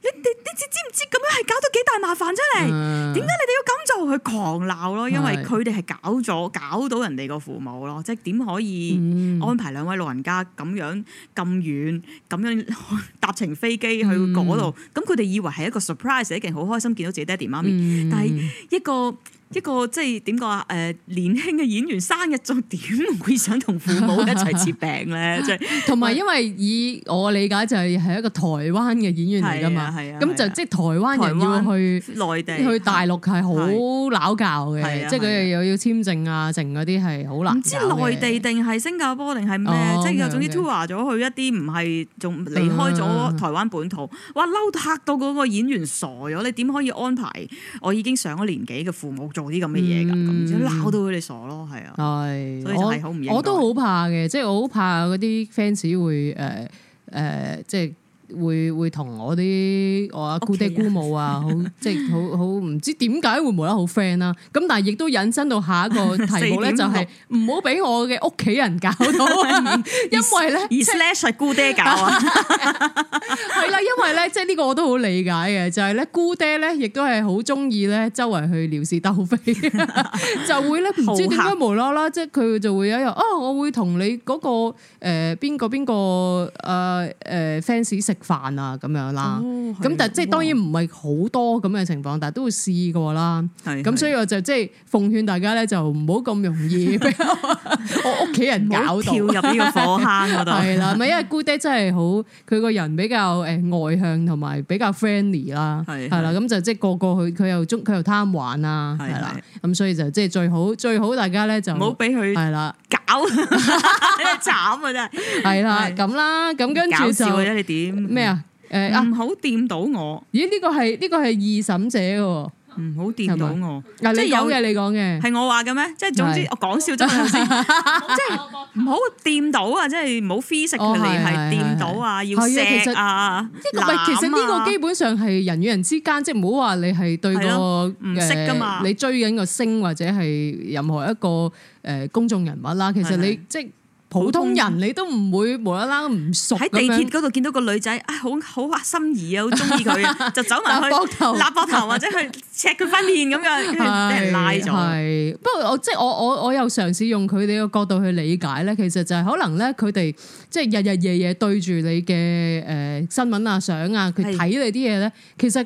你哋啲知唔知咁樣係搞到幾大麻煩出嚟？點解、uh, 你哋要咁做去狂鬧咯？因為佢哋係搞咗，搞到人哋個父母咯，即係點可以安排兩位老人家咁樣咁遠咁樣搭乘飛機去嗰度？咁佢哋以為係一個 surprise，一定好開心見到自己爹哋媽咪，但係一個。一個即係點講啊？誒、呃、年輕嘅演員生日仲點會想同父母一齊切餅咧？即係同埋因為以我理解就係係一個台灣嘅演員嚟噶嘛，咁、啊啊、就即係台灣人要去內地灣去大陸係好攪教嘅，啊啊啊、即係佢哋又要簽證啊、剩嗰啲係好難。唔知內地定係新加坡定係咩？哦、即係總之 tour 咗去一啲唔係仲離開咗台灣本土，嗯、哇！嬲嚇到嗰個演員傻咗，你點可以安排我已經上咗年紀嘅父母做啲咁嘅嘢噶，咁、嗯、就鬧到佢哋傻咯，係啊，對所以我我都好怕嘅，即、就、係、是、我好怕嗰啲 fans 會誒誒，即、呃、係。呃就是會會同我啲我阿姑爹姑母啊，Okay. 好即係好好唔知點解會無啦好 friend 啦，咁但係亦都引申到下一個題目咧，就係唔好俾我嘅屋企人搞到，因為咧而 s l a 係姑爹搞啊，係啦，因為咧即係呢個我都好理解嘅，就係咧姑爹咧亦都係好中意咧周圍去撩事鬥非，就會咧唔知點解無啦啦即係佢就會有一日啊，我會同你嗰、那個誒邊、呃、個邊個啊誒 fans 食。呃呃飯啊咁樣啦，咁但係即係當然唔係好多咁嘅情況，但係都會試過啦。係咁，所以我就即係奉勸大家咧，就唔好咁容易俾， 我屋企人搞到跳入呢個火坑嗰度。係啦，咪因為姑爹真係好，佢個人比較誒外向，同埋比較 friendly 啦是是。係係啦，咁就即係個個佢佢又中佢又貪玩啊。係啦，咁所以就即係最好最好大家咧就唔好俾佢係啦搞慘 啊的！ 真係係啦咁啦，咁跟住就你點？咩啊？誒，唔好掂到我！咦？呢個係呢個係二審者嘅，唔好掂到我。即係有嘢你講嘅，係我話嘅咩？即係總之，我講笑咗先。即係唔好掂到啊！即係唔好 face 佢哋係掂到啊，要錫啊，即係難啊。其實呢個基本上係人與人之間，即係唔好話你係對個唔識噶嘛。你追緊個星或者係任何一個誒公眾人物啦，其實你即普通人你都唔會無啦啦唔熟，喺地鐵嗰度見到個女仔啊，好好啊心儀啊，好中意佢， 就走埋去攔膊頭，立膊頭或者去錫佢塊面咁樣，俾人拉咗。係不過我即係我我我又嘗試用佢哋嘅角度去理解咧，其實就係可能咧，佢哋即係日日夜夜對住你嘅誒新聞啊、相啊，佢睇你啲嘢咧，是其實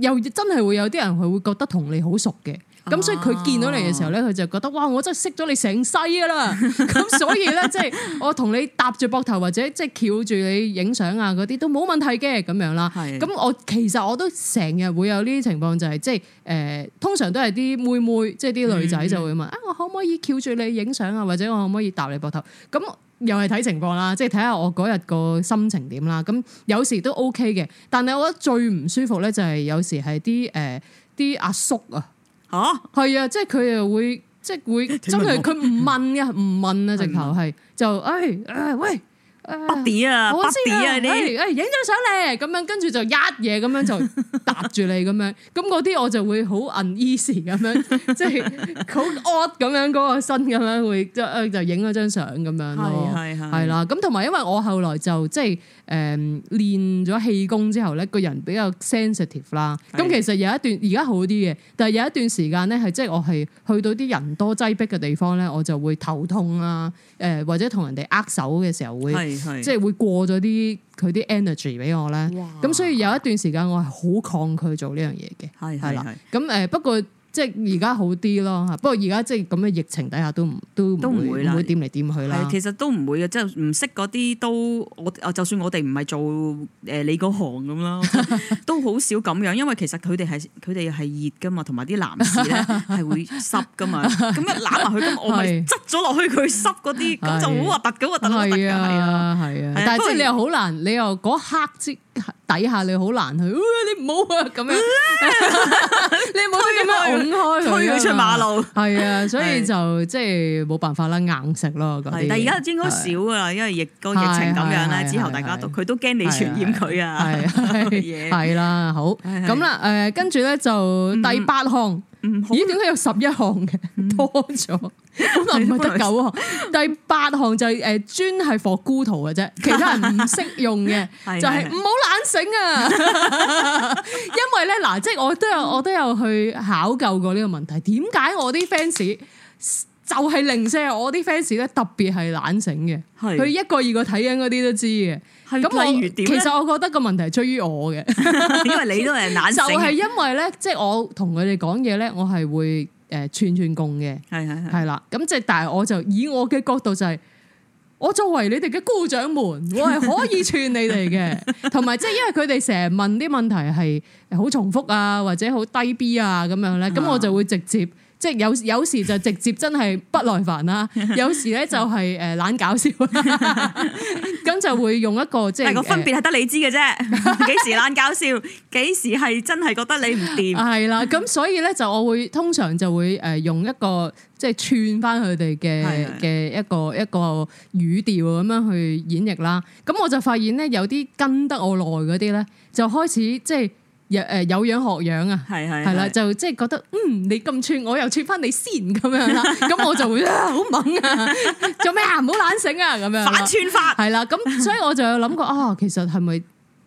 又真係會有啲人佢會覺得同你好熟嘅。咁所以佢見到你嘅時候咧，佢就覺得哇！我真係識咗你成世噶啦。咁所以咧，即係我同你搭住膊頭或者即係翹住你影相啊嗰啲都冇問題嘅咁樣啦。咁我其實我都成日會有呢啲情況，就係即係誒，通常都係啲妹妹，即係啲女仔就會問啊，我可唔可以翹住你影相啊？或者我可唔可以搭你膊頭？咁又係睇情況啦，即係睇下我嗰日個心情點啦。咁有時都 OK 嘅，但係我覺得最唔舒服咧就係有時係啲誒啲阿叔啊。啊，係、哦、啊，即係佢又會，即係會真係佢唔問啊，唔問啊直頭係，就誒誒喂，八點啊，八點啊你，誒影張相咧，咁樣跟住就一嘢咁樣就搭住你咁樣，咁嗰啲我就會好 uneasy 咁樣，即係好 odd 咁樣嗰個身咁樣會，即係就影咗張相咁樣咯，係係係，係啦，咁同埋因為我後來就即係。誒、嗯、練咗氣功之後咧，個人比較 sensitive 啦的。咁其實有一段而家好啲嘅，但係有一段時間咧，係即係我係去到啲人多擠迫嘅地方咧，我就會頭痛啊。誒、呃、或者同人哋握手嘅時候會，的即係會過咗啲佢啲 energy 俾我咧。咁哇所以有一段時間我係好抗拒做呢樣嘢嘅。係係啦。咁誒不過。即係而家好啲咯，不過而家即係咁嘅疫情底下都唔都唔會掂嚟掂去啦。其實都唔會嘅，即係唔識嗰啲都我就算我哋唔係做誒你嗰行咁啦， 都好少咁樣，因為其實佢哋係佢哋係熱㗎嘛，同埋啲男士咧係會濕㗎嘛，咁一攬埋去，咁我咪執咗落去佢濕嗰啲，咁就好核突咁核突突㗎，係啊，係啊，但係即係你又好難，你又嗰刻。字。底下你好難去，你唔好啊！咁樣，你冇得咁樣拱開，推佢出馬路。係啊，所以就即係冇辦法啦，硬食咯。係，但而家應該少噶啦，因為疫個疫情咁樣咧，之後大家都佢都驚你傳染佢啊。係啦，好咁啦，誒，跟住咧就第八項，咦？點解有十一項嘅？多咗。咁又唔係得九項，項 第八項就誒專係 for 菇徒嘅啫， 其他人唔識用嘅， 就係唔好懶醒啊！ 因為咧嗱，即係我都有我都有去考究過呢個問題，點解我啲 fans 就係、是、零舍我啲 fans 咧特別係懶醒嘅？佢的一個二個睇緊嗰啲都知嘅。咁的我其實我覺得個問題係出於我嘅， 因為你都係懶醒，就係因為咧，即係我同佢哋講嘢咧，我係會。誒、呃，串串供嘅係係係，啦，咁即係，但係我就以我嘅角度就係、是，我作為你哋嘅菇掌門，我係可以串你哋嘅，同埋即係因為佢哋成日問啲問題係好重複啊，或者好低 B 啊咁樣咧，咁我就會直接。即係有有時就直接真係不耐煩啦，有時咧就係誒懶搞笑，咁 就會用一個即係個分別係得你知嘅啫，幾時懶搞笑，幾時係真係覺得你唔掂，係 啦。咁所以咧就我會通常就會誒用一個即係串翻佢哋嘅嘅一個一個語調咁樣去演繹啦。咁我就發現咧有啲跟得我耐嗰啲咧就開始即係。有誒有樣學樣啊，係是啦，就即係覺得嗯你咁串，我又串翻你先咁樣啦，咁我就會啊好猛啊，做咩啊唔好懶醒啊咁樣反串法係啦，咁所以我就有諗過啊，其實係咪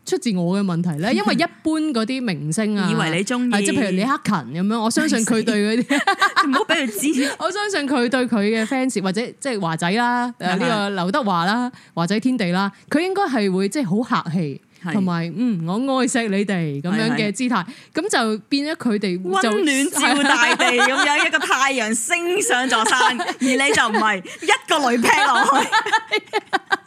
出自我嘅問題咧？因為一般嗰啲明星啊，以為你中意，即係譬如李克勤咁樣，我相信佢對嗰啲唔好俾佢知。 我相信佢對佢嘅 fans 或者即係華仔啦，呢個劉德華啦，華仔天地啦，佢應該係會即係好客氣。同埋，嗯，我愛惜你哋咁樣嘅姿態，咁的就變咗佢哋溫暖照 大地咁樣一個太陽升上座山， 而你就唔係一個雷劈落去。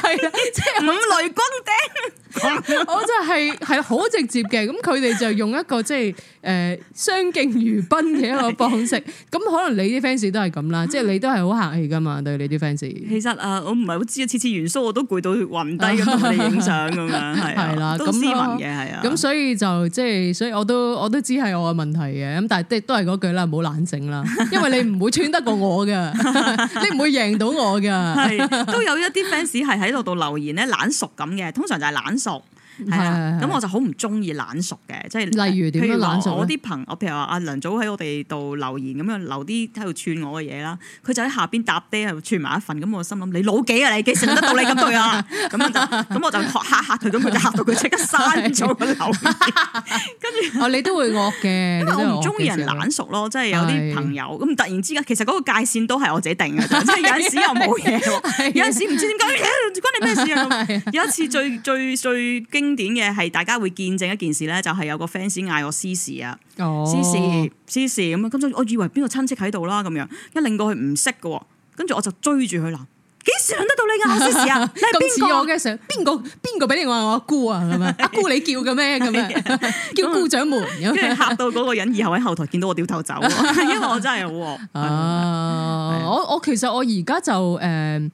係啊，即係五雷轟頂，我真係係好直接嘅。咁佢哋就用一個即係誒相敬如賓嘅一個方式。咁可能你啲 fans 都係咁啦，即係你都係好客氣噶嘛。對，你啲 fans。其實啊，我唔係好知啊。次次元素我都攰到暈低咁，同你影相咁樣。係係啦，都斯文嘅，係啊。咁所以就即係，所以我都我都知係我嘅問題嘅。咁但係都都係嗰句啦，唔好冷靜啦。因為你唔會穿得過我噶，你唔會贏到我噶。係都有一啲 fans。係喺度度留言咧，懶熟咁嘅，通常就係懶熟。係啊，咁我就好唔中意懶熟嘅，即係例如譬如懶熟，我啲朋友，譬如話阿梁祖喺我哋度留言咁樣留啲喺度串我嘅嘢啦，佢就喺下邊搭爹喺度串埋一份，咁我心諗你老幾啊你，幾時輪得到你咁對啊？咁啊就咁我就吓吓佢，咁佢就吓到佢即刻刪咗全部留言，跟住你都會惡嘅，因為我唔中意人懶熟咯，即係有啲朋友咁突然之間，其實嗰個界線都係我自己定嘅，即係有陣時又冇嘢，有陣時唔知點解嘢關你咩事啊？有一次最最最驚。經典嘅係大家會見證一件事咧，就係、是、有個 fans 嗌我詩詩啊，詩詩詩詩咁啊，咁所以我以為邊個親戚喺度啦，咁樣一令到佢唔識嘅，跟住我就追住佢啦，幾時輪得到你啊？詩詩啊？咁似 我嘅上邊個邊個俾你話我阿姑啊？係咪？阿、 啊、姑你叫嘅咩？咁 樣叫姑掌門，跟住吓到嗰個人以後喺後台見到我掉頭走，因為我真係好我我其實我而家就誒。呃嗯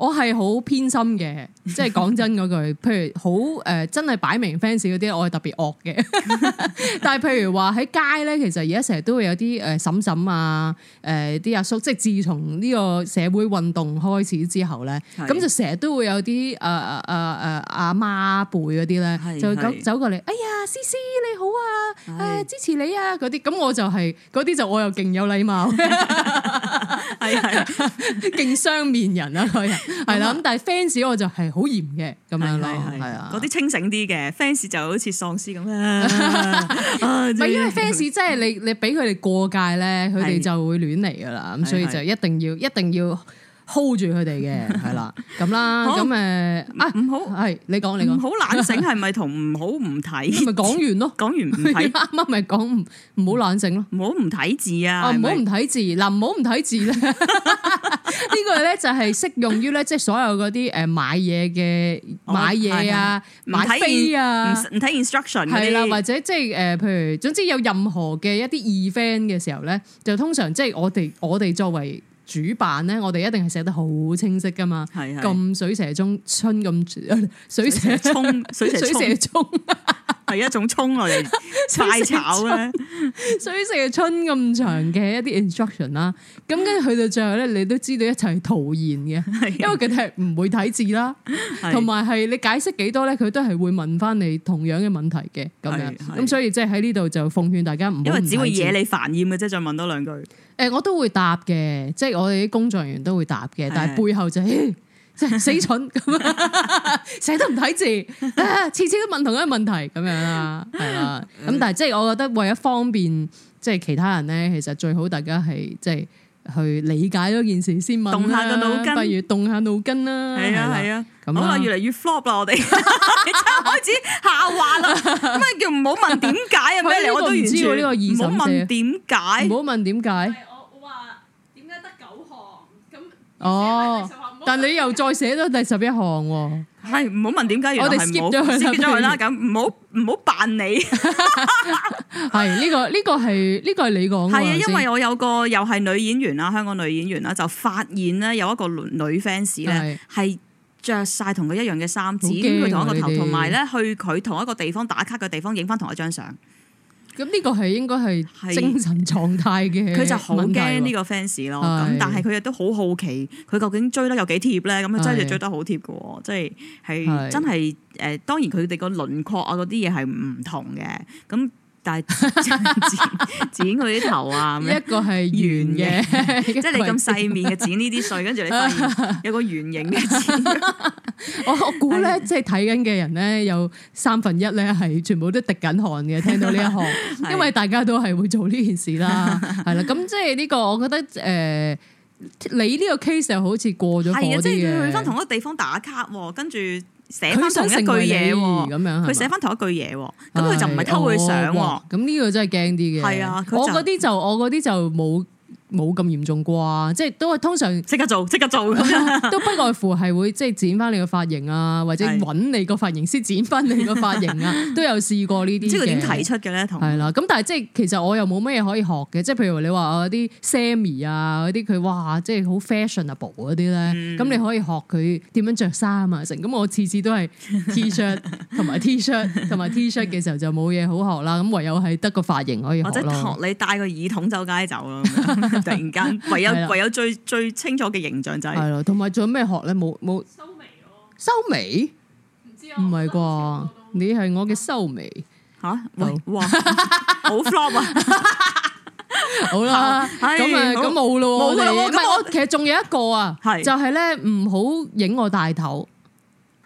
我係好偏心嘅，即係講真嗰句，譬如好誒、呃、真係擺明 fans 嗰啲，我係特別惡嘅。但係譬如話喺街咧，其實而家成日都會有啲誒嬸嬸啊，誒、呃、啲阿叔，即係自從呢個社會運動開始之後咧，咁是的 就成日都會有啲誒誒誒阿媽輩嗰啲咧，就走走過嚟，哎呀，詩詩你好啊，誒是的、啊、支持你啊嗰啲，咁我就係嗰啲就我又勁有禮貌，係係勁雙面人啊佢。係啦，咁但係 fans 我就係好嚴嘅咁樣咯，係啊，嗰啲清醒啲嘅 fans 就好似喪屍咁啦。咪 因為 fans 真係你你俾佢哋過界咧，佢哋就會亂嚟噶啦，咁是的 所以就一定要是的 一定要。hold 住佢哋嘅係啦，咁啦，咁誒，啊唔好係你講你講，唔好懶醒係咪同唔好唔睇咪講完咯，講完唔睇，啱啱咪講唔好懶醒咯，唔好唔睇字啊，唔好唔睇字，嗱唔好唔睇字咧，呢個咧就係適用於咧，即係所有嗰啲誒買嘢嘅買嘢啊，買飛啊，唔睇 instruction 係啦，或者即係誒，譬如總之有任何嘅一啲 event 嘅時候咧，就通常即係我哋我哋作為主辦咧，我哋一定係寫得好清晰噶嘛，咁是水蛇中春咁水蛇衝水蛇衝係一種衝嚟，太吵咧。水蛇春咁 長嘅一啲 instruction 啦，咁跟住去到最後咧，你都知道一切係徒然嘅，因為佢哋係唔會睇字啦，同埋係你解釋幾多咧，佢都係會問翻你同樣嘅問題嘅咁樣，咁是所以即係喺呢度就奉勸大家唔好因為只會惹你煩厭嘅啫，再問多兩句。誒，我都會答嘅，即係我哋啲工作人員都會答嘅，但係背後就係即係死蠢咁，成日都唔睇字，次次都問同一個問題咁樣啦，係啊，咁但係即係我覺得為咗方便，即係其他人咧，其實最好大家係即係去理解嗰件事先問啦，動下個腦筋，不如動下腦筋啦，係啊係啊，好啦，越嚟越 flop 啦，我哋開始下滑啦，咁啊叫唔好問點解啊咩嚟，我都唔知我呢個二神姐，唔好問點解，唔好問點解。哦，但你又再寫咗第十一行喎？係唔好問點解？我哋 skip 咗佢啦，咁唔好唔好扮你。係 呢、 這個呢、這個係呢、這個係你講嘅，係啊的，才因為我有個又係女演員啦，香港女演員啦，就發現咧有一個女 fans 咧係着晒同佢一樣嘅衫，剪佢、啊、同一個頭，同埋咧去佢同一個地方打卡嘅地方影翻同一張相。咁呢個係應該係精神狀態嘅，佢就好驚呢個 fans 咯。咁是但係佢亦都好好奇，佢究竟追得有幾貼咧？咁佢真係追得好貼㗎喎，即係係真係誒。是當然佢哋個輪廓啊嗰啲嘢係唔同嘅，咁。但係 剪佢啲頭啊！一個係圓嘅，形 即係你咁細面嘅剪呢啲碎，跟住 你發現有個圓形嘅字。 我我估咧，的即係睇緊嘅人咧，有三分一咧係全部都滴緊汗嘅。聽到呢一項，因為大家都係會做呢件事啦。係啦， 咁即係呢、這個，我覺得誒、呃，你呢個 case 又好似過咗嗰啲嘢，即係去翻同一個地方打卡，跟住。寫翻同一句嘢喎，咁樣佢寫翻同一句嘢喎，咁佢就唔係偷佢相喎。咁呢、哎哦、個真係驚啲嘅。係啊，我嗰啲就我嗰啲就冇。冇咁嚴重啩，即係都係通常即刻做，即刻做，都不外乎係會即係剪翻你個髮型啊，或者揾你個髮型師剪翻你個髮型啊，都有試過呢啲。即係點提出嘅咧？同係啦，咁但係即係其實我又冇乜嘢可以學嘅，即係譬如你話啊啲 Sammy 啊嗰啲佢哇，即係好 fashionable 嗰啲咧，咁，嗯，你可以學佢點樣着衫啊成，咁我次次都係 T-shirt 同埋 T-shirt 同埋 T-shirt 嘅時候就冇嘢好學啦，咁唯有係得個髮型可以學咯。或者學你戴個耳筒走街走咯。突然間，唯有唯有最最清楚嘅形象就係係咯，同埋仲有咩學咧？冇冇修眉咯？修眉？唔係啩？你係我嘅修眉吓？哇！好 flop 啊！好啦，咁啊咁冇咯，冇咯。唔係，我其實仲有一個啊，就係咧，唔好影我大頭。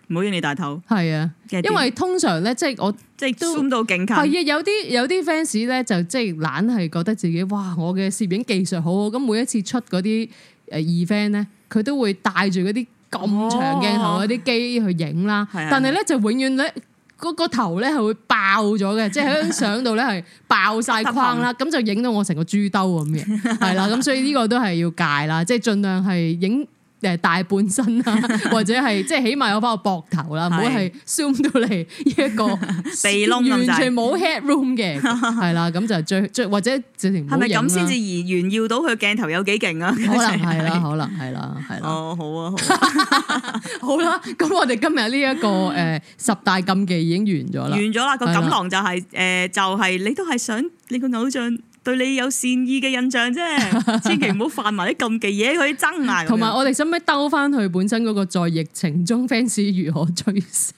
唔好用你大頭，係啊，因為通常咧，就是、即係我即係都咁到境界，係啊，有啲有啲 fans 咧，就即係懶係覺得自己哇，我嘅攝影技術好，咁每一次出嗰啲誒二 fan 咧，佢都會帶住嗰啲咁長鏡頭嗰啲機去影啦，哦、但係咧、啊、就永遠咧嗰個頭咧係會爆咗嘅，即係喺相度咧係爆晒框啦，咁 就影到我成個豬兜咁嘅，係啦、 啊，咁所以呢個都係要戒啦，即係盡量係影。 誒，大半身啦，或者係即係起碼有翻個膊頭啦，唔好係 zoom 到嚟一個鼻窿，完全冇 head room 嘅，係啦， 咁就最最或者直情係咪咁先至而炫耀到佢鏡頭有幾勁啊？可能係啦，可能係啦，係啦。哦、 啊，好啊，好啦、啊，咁、 啊、我哋今日呢一個誒、呃、十大禁忌已經完咗啦，完咗啦，個錦囊就係、是、誒的、呃，就係、是、你都係想你個偶像對你有善意嘅印象啫，千祈唔好犯埋啲禁忌嘢去爭埋同埋我哋使唔使兜翻佢本身嗰個在疫情中 fans 如何追星？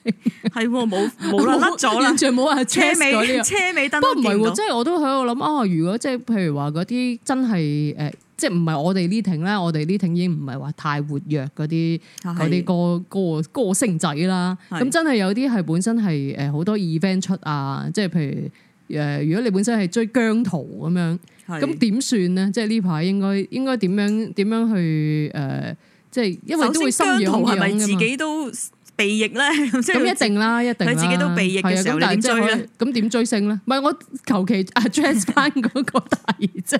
係喎，哦，冇冇啦甩咗啦，冇話車尾。e c 車尾燈都唔見。唔係即係我都喺度諗啊。如果即係譬如話嗰啲真係誒，即係唔係我哋呢挺咧？我哋呢挺已經唔係話太活躍嗰啲嗰啲歌歌歌，歌星仔啦。咁的真係有啲係本身係誒好多 event 出啊，即係譬如。誒，如果你本身係追姜濤咁樣，咁點算咧？即係呢排應該應該點樣點樣去誒？即係因為都會心癢自己都。避疫咧，咁一定啦，一定啦。佢自己都避疫嘅時候，你點追咧？咁點追星咧？唔係我求其 address 翻嗰個題啫，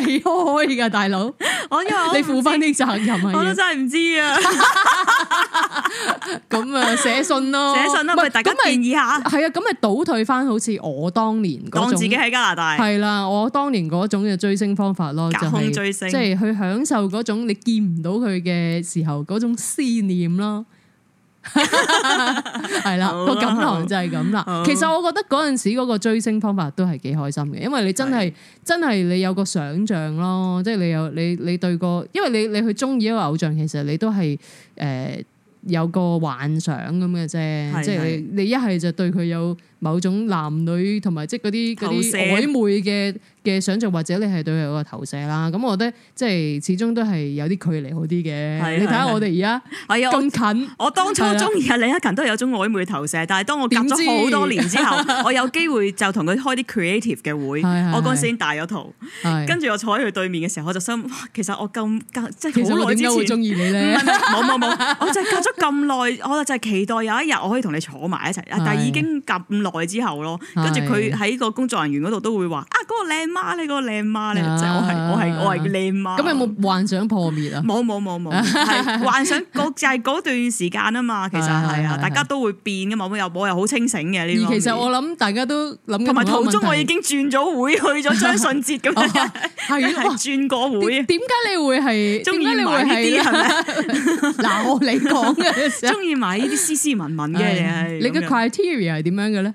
你可以㗎大佬？我因為你負翻啲責任啊！我都真係唔知啊。咁啊，寫信咯，寫信咯，咪大家建議下。係啊，咁咪倒退翻，好似我當年當自己喺加拿大。係啦，我當年嗰種嘅追星方法咯，就係即係去享受嗰種你見唔到佢嘅時候嗰種思念咯。係 啦了，個、啊、感覺就係咁啦。啊、其實我覺得嗰陣時嗰個追星方法都係幾開心嘅，因為你真係是真係你有個想象咯，即、就、係、是、你有你你對個，因為你你去中意一個偶像，其實你都係誒、呃、有個幻想咁嘅啫，即係的你一係就對佢有。某種男女同埋即係嗰啲嗰啲曖昧嘅嘅想象，或者你係對佢有個投射啦。咁我覺得即係始終都係有啲距離好啲嘅。你睇下我哋而家係啊，咁近。我當初中意阿李克勤都係有種曖昧投射，但係當我隔咗好多年之後，我有機會就同佢開啲 creative 嘅會，我嗰陣時已經大咗肚，跟住我坐喺佢對面嘅時候，我就心諗，哇其實我咁隔即係好耐之前中意你咧，冇冇冇，我就隔咗咁耐，我就係期待有一日我可以同你坐埋一齊。但係已經隔唔。代之後咯，跟住佢喺個工作人員嗰度都會話：啊，嗰個靚媽咧，嗰個靚媽咧，就係我係我係我係靚媽。咁有冇幻想破滅啊？冇冇冇冇，係幻想嗰就係嗰段時間啊嘛。其實係啊，大家都會變噶嘛。我又我又好清醒嘅。而其實我諗，大家都諗同埋途中，我已經轉咗會去咗張信哲咁樣，係咯，轉過會。點解你會係？點解你會係？嗱，我你講嘅，中意買呢啲斯斯文文嘅嘢。你嘅 criteria 係點樣嘅咧？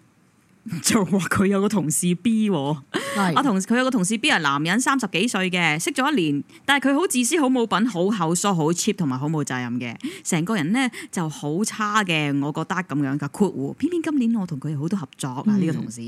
就話佢有個同事 B，我同佢有個同事 B 係男人三十幾歲嘅，識咗一年，但係佢好自私、好冇品、好口疏，好 cheap 同埋好冇責任嘅，成個人咧就好差嘅，我覺得咁樣噶。括弧，偏偏今年我同佢好多合作啊，呢、這個同事、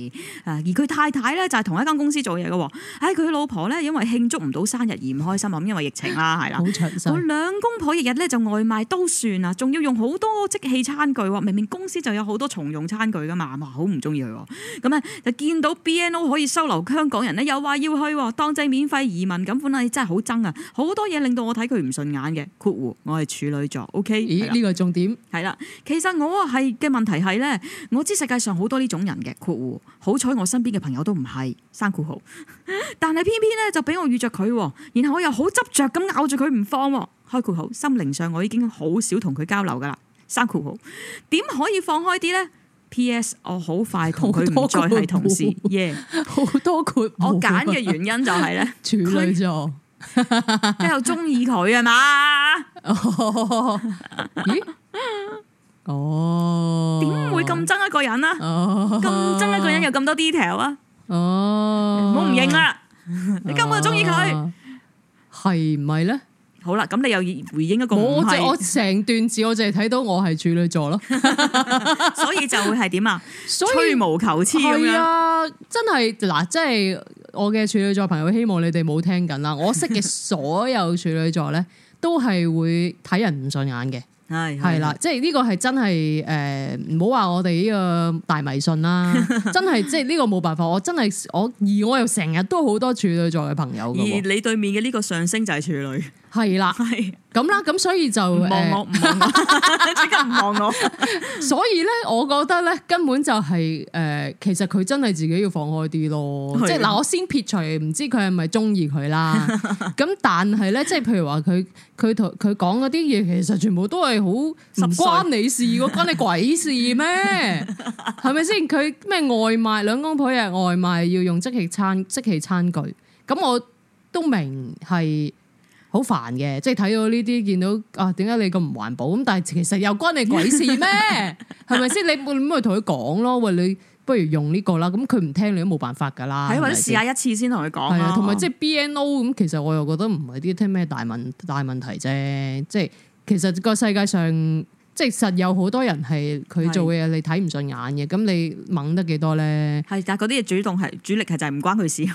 嗯、而佢太太咧就係同一間公司做嘢嘅，唉、哎，佢老婆咧因為慶祝唔到生日而唔開心啊，咁因為疫情啦，係啦，好長，我兩公婆日日咧就外賣都算啊，仲要用好多即棄餐具，明明公司就有好多重用餐具噶嘛，我好唔中意佢。咁咧就見到 BNO 可以收留香港人咧，又話要去當制免費移民，咁款啊，真係好憎啊！好多嘢令到我睇佢唔順眼嘅。括弧，我係處女座，OK？咦？呢個了重點係啦。其實我係嘅問題係咧，我知世界上好多呢種人嘅。括弧，好彩我身邊嘅朋友都唔係。生括號， 但係偏偏咧就俾我遇着佢，然後我又好執着咁咬住佢唔放。開括號，心靈上我已經好少同佢交流㗎喇。生括號，點可以放開啲咧？P.S. 我好快同佢唔再係同事耶，好多括，Yeah, 我揀嘅原因就係咧，處女座你又中意佢係嘛？咦？哦，點會咁憎一個人啊？咁憎、哦、一個人有咁多 detail 啊？哦，我唔認啦，哦、 你根本就中意佢，係唔係咧？好啦，咁你又回應一個咁嘅問題？我我成段字我淨係睇到我係處女座咯， 所以就會係點啊？所以，吹毛以求疵係啊，樣真係嗱，即係我嘅處女座朋友，希望你哋冇聽緊啦。我識嘅所有處女座咧，都係會睇人唔順眼嘅。係係啦，即係呢個係真係誒，唔好話我哋呢個大迷信啦，真係即係呢個冇辦法，我真係我而我又成日都好多處女座嘅朋友，而你對面嘅呢個上升就係處女，係的 啦，係咁啦，咁所以就望我唔望我，即刻唔望我，所以咧，我覺得咧，根本就係、是、誒、呃，其實佢真係自己要放開啲咯，的即係嗱，我先撇除唔知佢係咪中意佢啦，咁但係咧，即係譬如話佢。佢同佢講嗰啲嘢，其實全部都係好唔關你事，關你鬼事咩？係咪先？佢咩外賣，兩公婆又係外賣要用即棄餐即棄餐具，咁我都明係好煩嘅，即係睇到呢啲見到啊，點解你咁唔環保？咁但係其實又關你鬼事咩？係咪先？你你會唔會同佢講咯，喂你。不如用呢個啦，咁佢唔聽你都冇辦法噶啦。或者的吧試下一次先同佢講。係啊，同埋即係 BNO 咁，其實我又覺得唔係啲聽咩大問大問題啫。即係其實個世界上，即係實有好多人係佢做嘅嘢，的你睇唔順眼嘅。咁你掹得幾多咧？係，但係嗰啲嘢主動係主力係就係唔關佢事。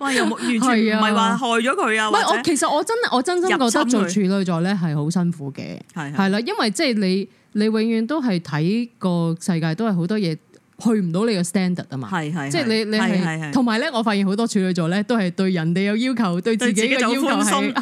完全唔係話害咗佢啊！喂的，我其實我真我真心覺得做處女座咧係好辛苦嘅。係係啦，因為即係你。你永遠都係睇個世界，都係好多嘢。去唔到你嘅 standard 啊嘛，係係，即係你你係，同埋咧，我發現好多處女座咧都係對人哋有要求，對自己嘅要求係好寬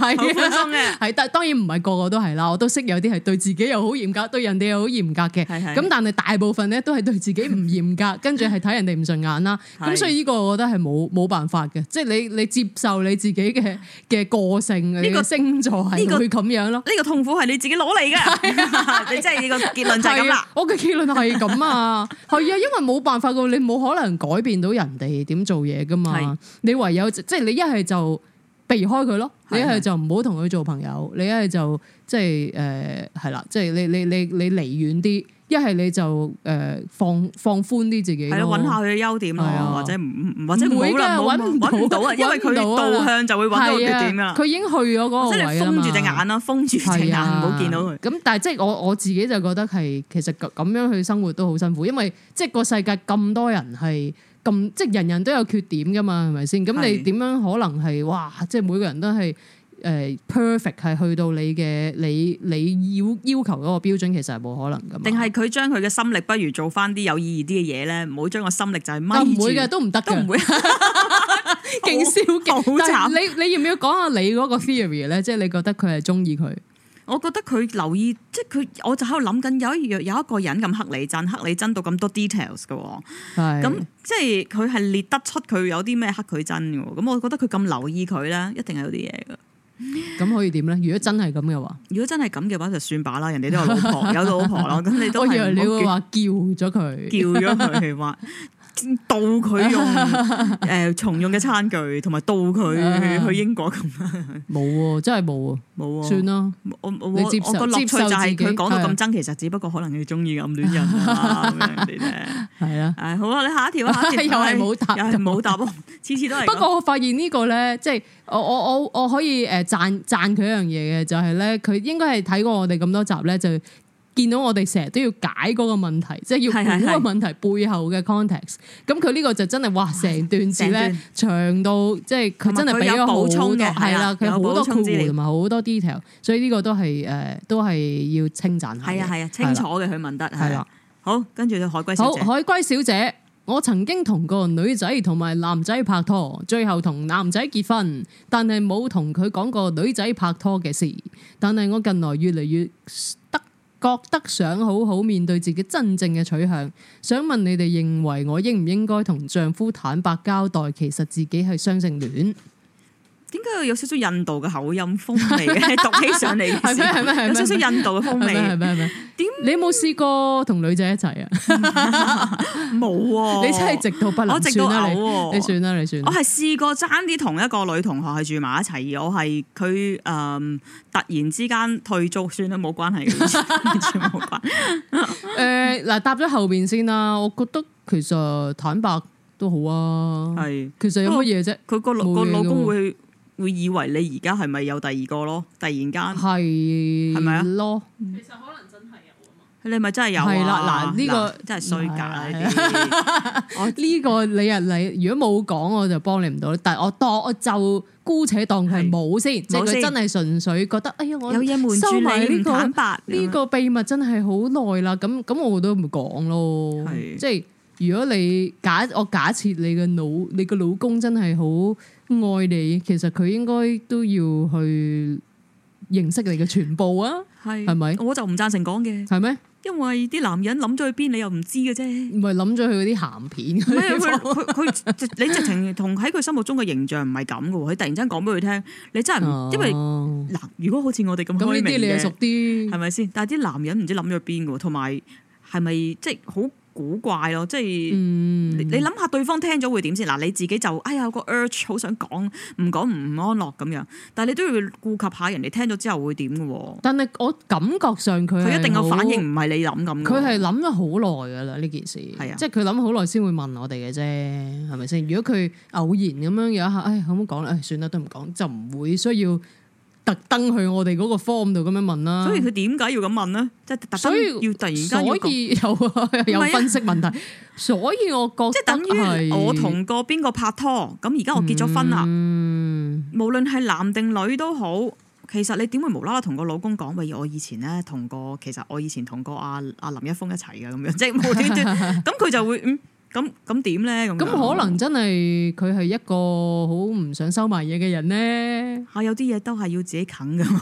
鬆嘅，係，但當然唔係個個都係啦，我都識有啲係對自己又好嚴格，對人哋又好嚴格嘅，咁但係大部分咧都係對自己唔嚴格，跟住係睇人哋唔順眼啦，咁所以呢個我覺得係冇冇辦法嘅，即係你你接受你自己嘅嘅個性，呢個星座係會咁樣咯，呢個痛苦係你自己攞嚟噶，你即係你個結論就係咁啦，我嘅結論係咁啊，係啊，因為。冇辦法噶，你冇可能改變到人哋點做嘢噶嘛。是的 你唯有，即係你一係就避開佢咯，是的 你一係就唔好同佢做朋友，是的 你一係就即係誒係啦，即係、呃、你你你你離遠啲。一係你就誒、呃、放放寬啲自己，係揾下佢嘅優點、哦、或者唔唔、啊、或者唔好啦，唔到啦，到因為佢導向就會揾到佢缺點啦，佢、啊、已經去咗嗰個位嘛，即係封住隻眼啦，封住隻眼唔好見到佢。咁但係即係我我自己就覺得係其實咁樣去生活都好辛苦，因為即係個世界咁多人係咁，即係人人都有缺點噶嘛，係咪先？咁是你點樣可能係哇？即係每個人都係。誒，perfect 係去到你嘅你你要要求嗰個標準，其實係冇可能噶。定係佢將佢嘅心力不如做翻啲有意義啲嘅嘢咧，唔好將個心力就係掹。唔會嘅，都唔得，都唔會。勁笑勁的，好慘。但係你你要唔要講下你嗰個 theory 咧？即係 你覺得佢係中意佢？我覺得佢留意，即係佢我就喺度諗緊有一有一個人咁黑你真黑你真到咁多 details 嘅。係。咁即係佢係列得出佢有啲咩黑佢真嘅，咁我覺得佢咁留意佢咧，一定係有啲嘢噶。咁可以點咧？如果真係咁嘅話，如果真係咁嘅話，就算吧啦，人哋都有老 有老婆，有老婆囉。咁你都係你會話叫咗佢，叫咗佢去玩。 盜佢用誒，重用嘅餐具同埋盜佢去英國咁啊。冇，真係冇啊，冇，算啦。我接我個樂趣就係佢講到咁憎，其實只不過可能你中意咁戀人啦，咁係啊，好啊，你下一條啊，下一條又係冇答，冇答，次次都係。不過我發現呢個咧，即係我我我我可以誒贊贊佢一樣嘢嘅，就係咧佢應該係睇過我哋咁多集咧就。見到我哋成日都要解嗰個問題，即係要估個問題是是是背後嘅 context。咁佢呢個就真係，哇，成段字咧長到段即係佢真係俾咗好多係啦，佢好多鋪墊同埋好多 detail，所以呢個都係誒、呃、都係要稱讚下。係啊係啊，清楚嘅佢問得係啦。好，跟住到海龜小姐。好，海龜小姐，我曾經同個女仔同埋男仔拍拖，最後同男仔結婚，但係冇同佢講過女仔拍拖嘅事。但係我近來越嚟越。覺得想好好面對自己真正嘅取向，想問你哋認為我應唔應該同丈夫坦白交代，其實自己係雙性戀？點解有少少印度嘅口音風味嘅讀起上嚟，係咪係咪係有少少印度嘅風味？係咪係咪？點你有冇試過同女仔一齊啊？冇，你真係直到不能，我直到嘔，你算啦，你算。我係試過爭啲同一個女同學係住埋一齊，我係佢誒突然之間退租，算啦，冇關係，完全冇關。誒嗱，搭咗後邊先啦，我覺得其實坦白都好啊。係，其實有乜嘢啫？佢個老個老公會。會以為你而家係咪有第二個咯？突然間係咪啊？咯，其實可能真係有啊嘛。你咪真係有啊？係啦，嗱呢個真係衰假呢啲。呢個你啊你，如果冇講我就幫你唔到。但係我當我就姑且當佢係冇先，即係佢真係純粹覺得哎呀，我有嘢瞞，收埋呢個呢個秘密真係好耐啦。咁咁我都唔講咯。即係如果你假，我假設你嘅老，你嘅老公真係好。愛你其實佢應該都要去認識你嘅全部啊，係咪是？是是我就唔贊成講嘅，係咩嗎？因為啲男人諗咗去邊，你又唔知嘅啫。唔係諗咗去嗰啲鹹片。佢佢、啊、你直情同喺佢心目中嘅形象唔係咁嘅喎。佢突然間講俾佢聽，你真係、哦、因為嗱，如果好似我哋咁開明嘅，咁呢啲你係熟啲，係咪先？但係啲男人唔知諗咗去邊嘅喎，同埋係咪即係好？古怪咯，即係、嗯、你諗下對方聽咗會點先嗱，你自己就哎呀個 urge 好想講，唔講唔安樂咁樣，但係你都要顧及下人哋聽咗之後會點嘅。但係我感覺上佢佢一定個反應唔係你諗咁，佢係諗咗好耐噶啦呢件事，係啊、即係佢諗好耐先會問我哋嘅啫，係咪先？如果佢偶然咁樣有一下，哎，好唔好講咧？唉，算啦，都唔講，就唔會需要。特登去我哋嗰個 form 度咁樣問啦，就是，所以佢點解要咁問咧？即係特登要突然間，有有分析問題，不是啊， 所以我覺即係等於我同個邊個拍拖，咁而家我結咗婚啦，嗯，無論係男定女都好，其實你點會無啦啦同個老公講，喂我以前咧同個，其實我以前同個阿阿林一峰一齊嘅咁樣，即係無端端，咁佢 就會嗯。咁咁點咧？咁可能真係佢係一個好唔想收埋嘢嘅人咧。吓，有啲嘢都係要自己啃噶嘛。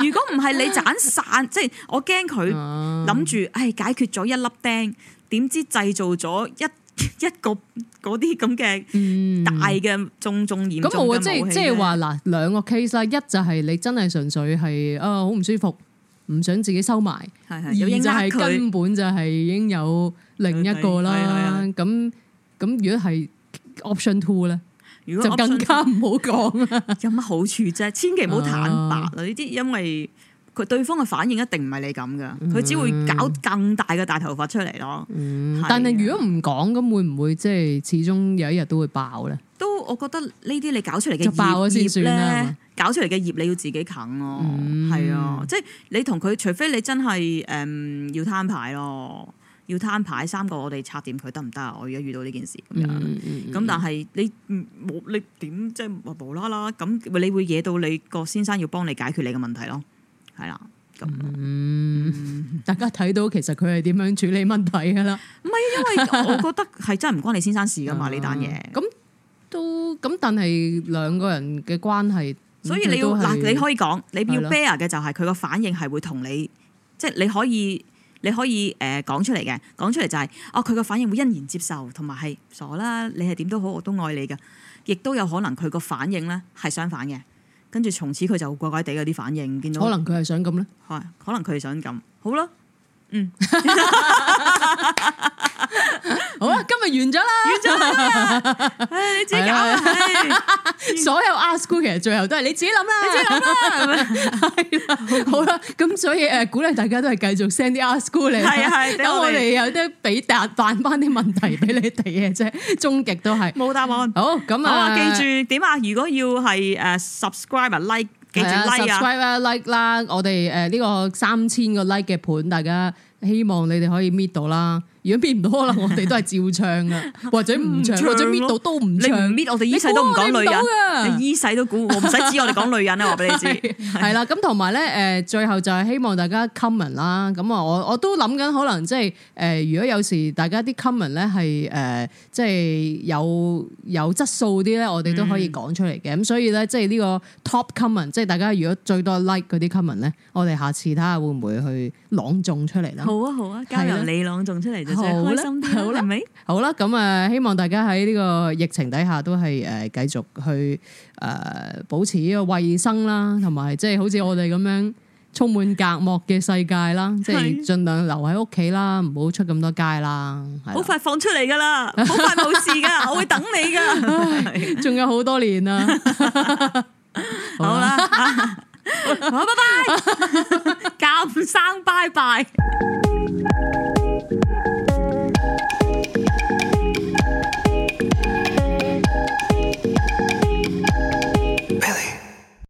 如果唔係你斬散， 即係我驚佢諗住，唉，解決咗一粒釘，點知製造咗一一,一個嗰啲咁嘅大嘅種種嚴重咁。我、嗯、即係即係話嗱，兩個 case 啦，一就係你真係純粹係啊，好、哦、唔舒服，唔想自己收埋。係係的，的而就係根本就係已經有。另一個啦，咁咁如果係 option two 咧，就更加唔好講。有乜好處啫？千祈唔好坦白啊！呢啲因為佢對方嘅反應一定唔係你咁噶佢只會搞更大嘅大頭發出嚟咯。但係如果唔講，咁會唔會即係始終有一日都會爆咧？都我覺得呢啲你搞出嚟嘅業咧，搞出嚟嘅業你要自己啃咯。係啊，即係你同佢，除非你真係誒要攤牌咯。要攤牌三個我行行，我哋插掂佢得唔得啊？我而家遇到呢件事咁樣，咁但係你冇你點即係無啦啦咁，你會惹到你個先生要幫你解決你嘅問題咯，係啦咁。大家睇到其實佢係點樣處理問題㗎啦？唔係因為我覺得係真係唔關你先生事㗎嘛呢單嘢。咁都咁，但係兩個人嘅關係，所以你要嗱，你可以講你要 bear 嘅就係佢個反應係會同你，即、就、係、是、你可以。你可以誒講出嚟嘅，講出嚟就係、是、哦，佢個反應會欣然接受，同埋係傻啦，你係點都好，我都愛你嘅。亦都有可能佢個反應咧係相反嘅，跟住從此佢就會怪怪地有啲反應，見到可能佢係想咁咧，係可能佢係想咁，好啦。嗯，好啦，今日完咗啦，完咗啦，唉，你自己搞啦，所有 ASKGOO 其實最後都係你自己諗啦，你自己諗啦，係啦，好啦，咁所以誒鼓勵大家都係繼續 send 啲 ASKGOO 嚟，係啊係，等我哋又都俾答翻翻啲問題俾你哋嘅啫，終極都係冇答案。好咁啊，記住點啊？如果要係誒 subscribe 啊 like。其實 subscribe 啊，like 啦，啊、我哋誒呢個三千個 like 嘅盤，大家希望你哋可以搣到啦。如果搣唔到可能我哋都係照唱啊， 或者唔唱， 或者搣到都唔唱。你搣，我哋一世都唔講女人嘅，你一世都估，我唔使知，我哋講女人啊， 我俾你知。係啦 ，咁同埋咧，誒、呃，最後就係希望大家 comment 啦。咁啊，我我都諗緊，可能即係，誒、呃，如果有時大家啲 comment 咧係，誒、呃，即係有有質素啲咧，我哋都可以講出嚟嘅。咁、嗯、所以咧，即係呢個 top comment，即係大家如果最多 like 嗰啲 comment 咧，我哋下次睇下會唔會去朗誦出嚟啦。好啊，好啊，加油，的你朗誦出嚟。好啦，好啦，好啦，咁啊，希望大家喺呢個疫情底下都係誒，繼續去誒，保持呢個衛生啦，同埋即係好似我哋咁樣充滿隔膜嘅世界啦，即係盡量留喺屋企啦，唔好出咁多街啦。好快放出嚟噶啦，好快冇事噶，我會等你噶，仲有好多年喇。好啦，好拜拜，教唔生拜拜。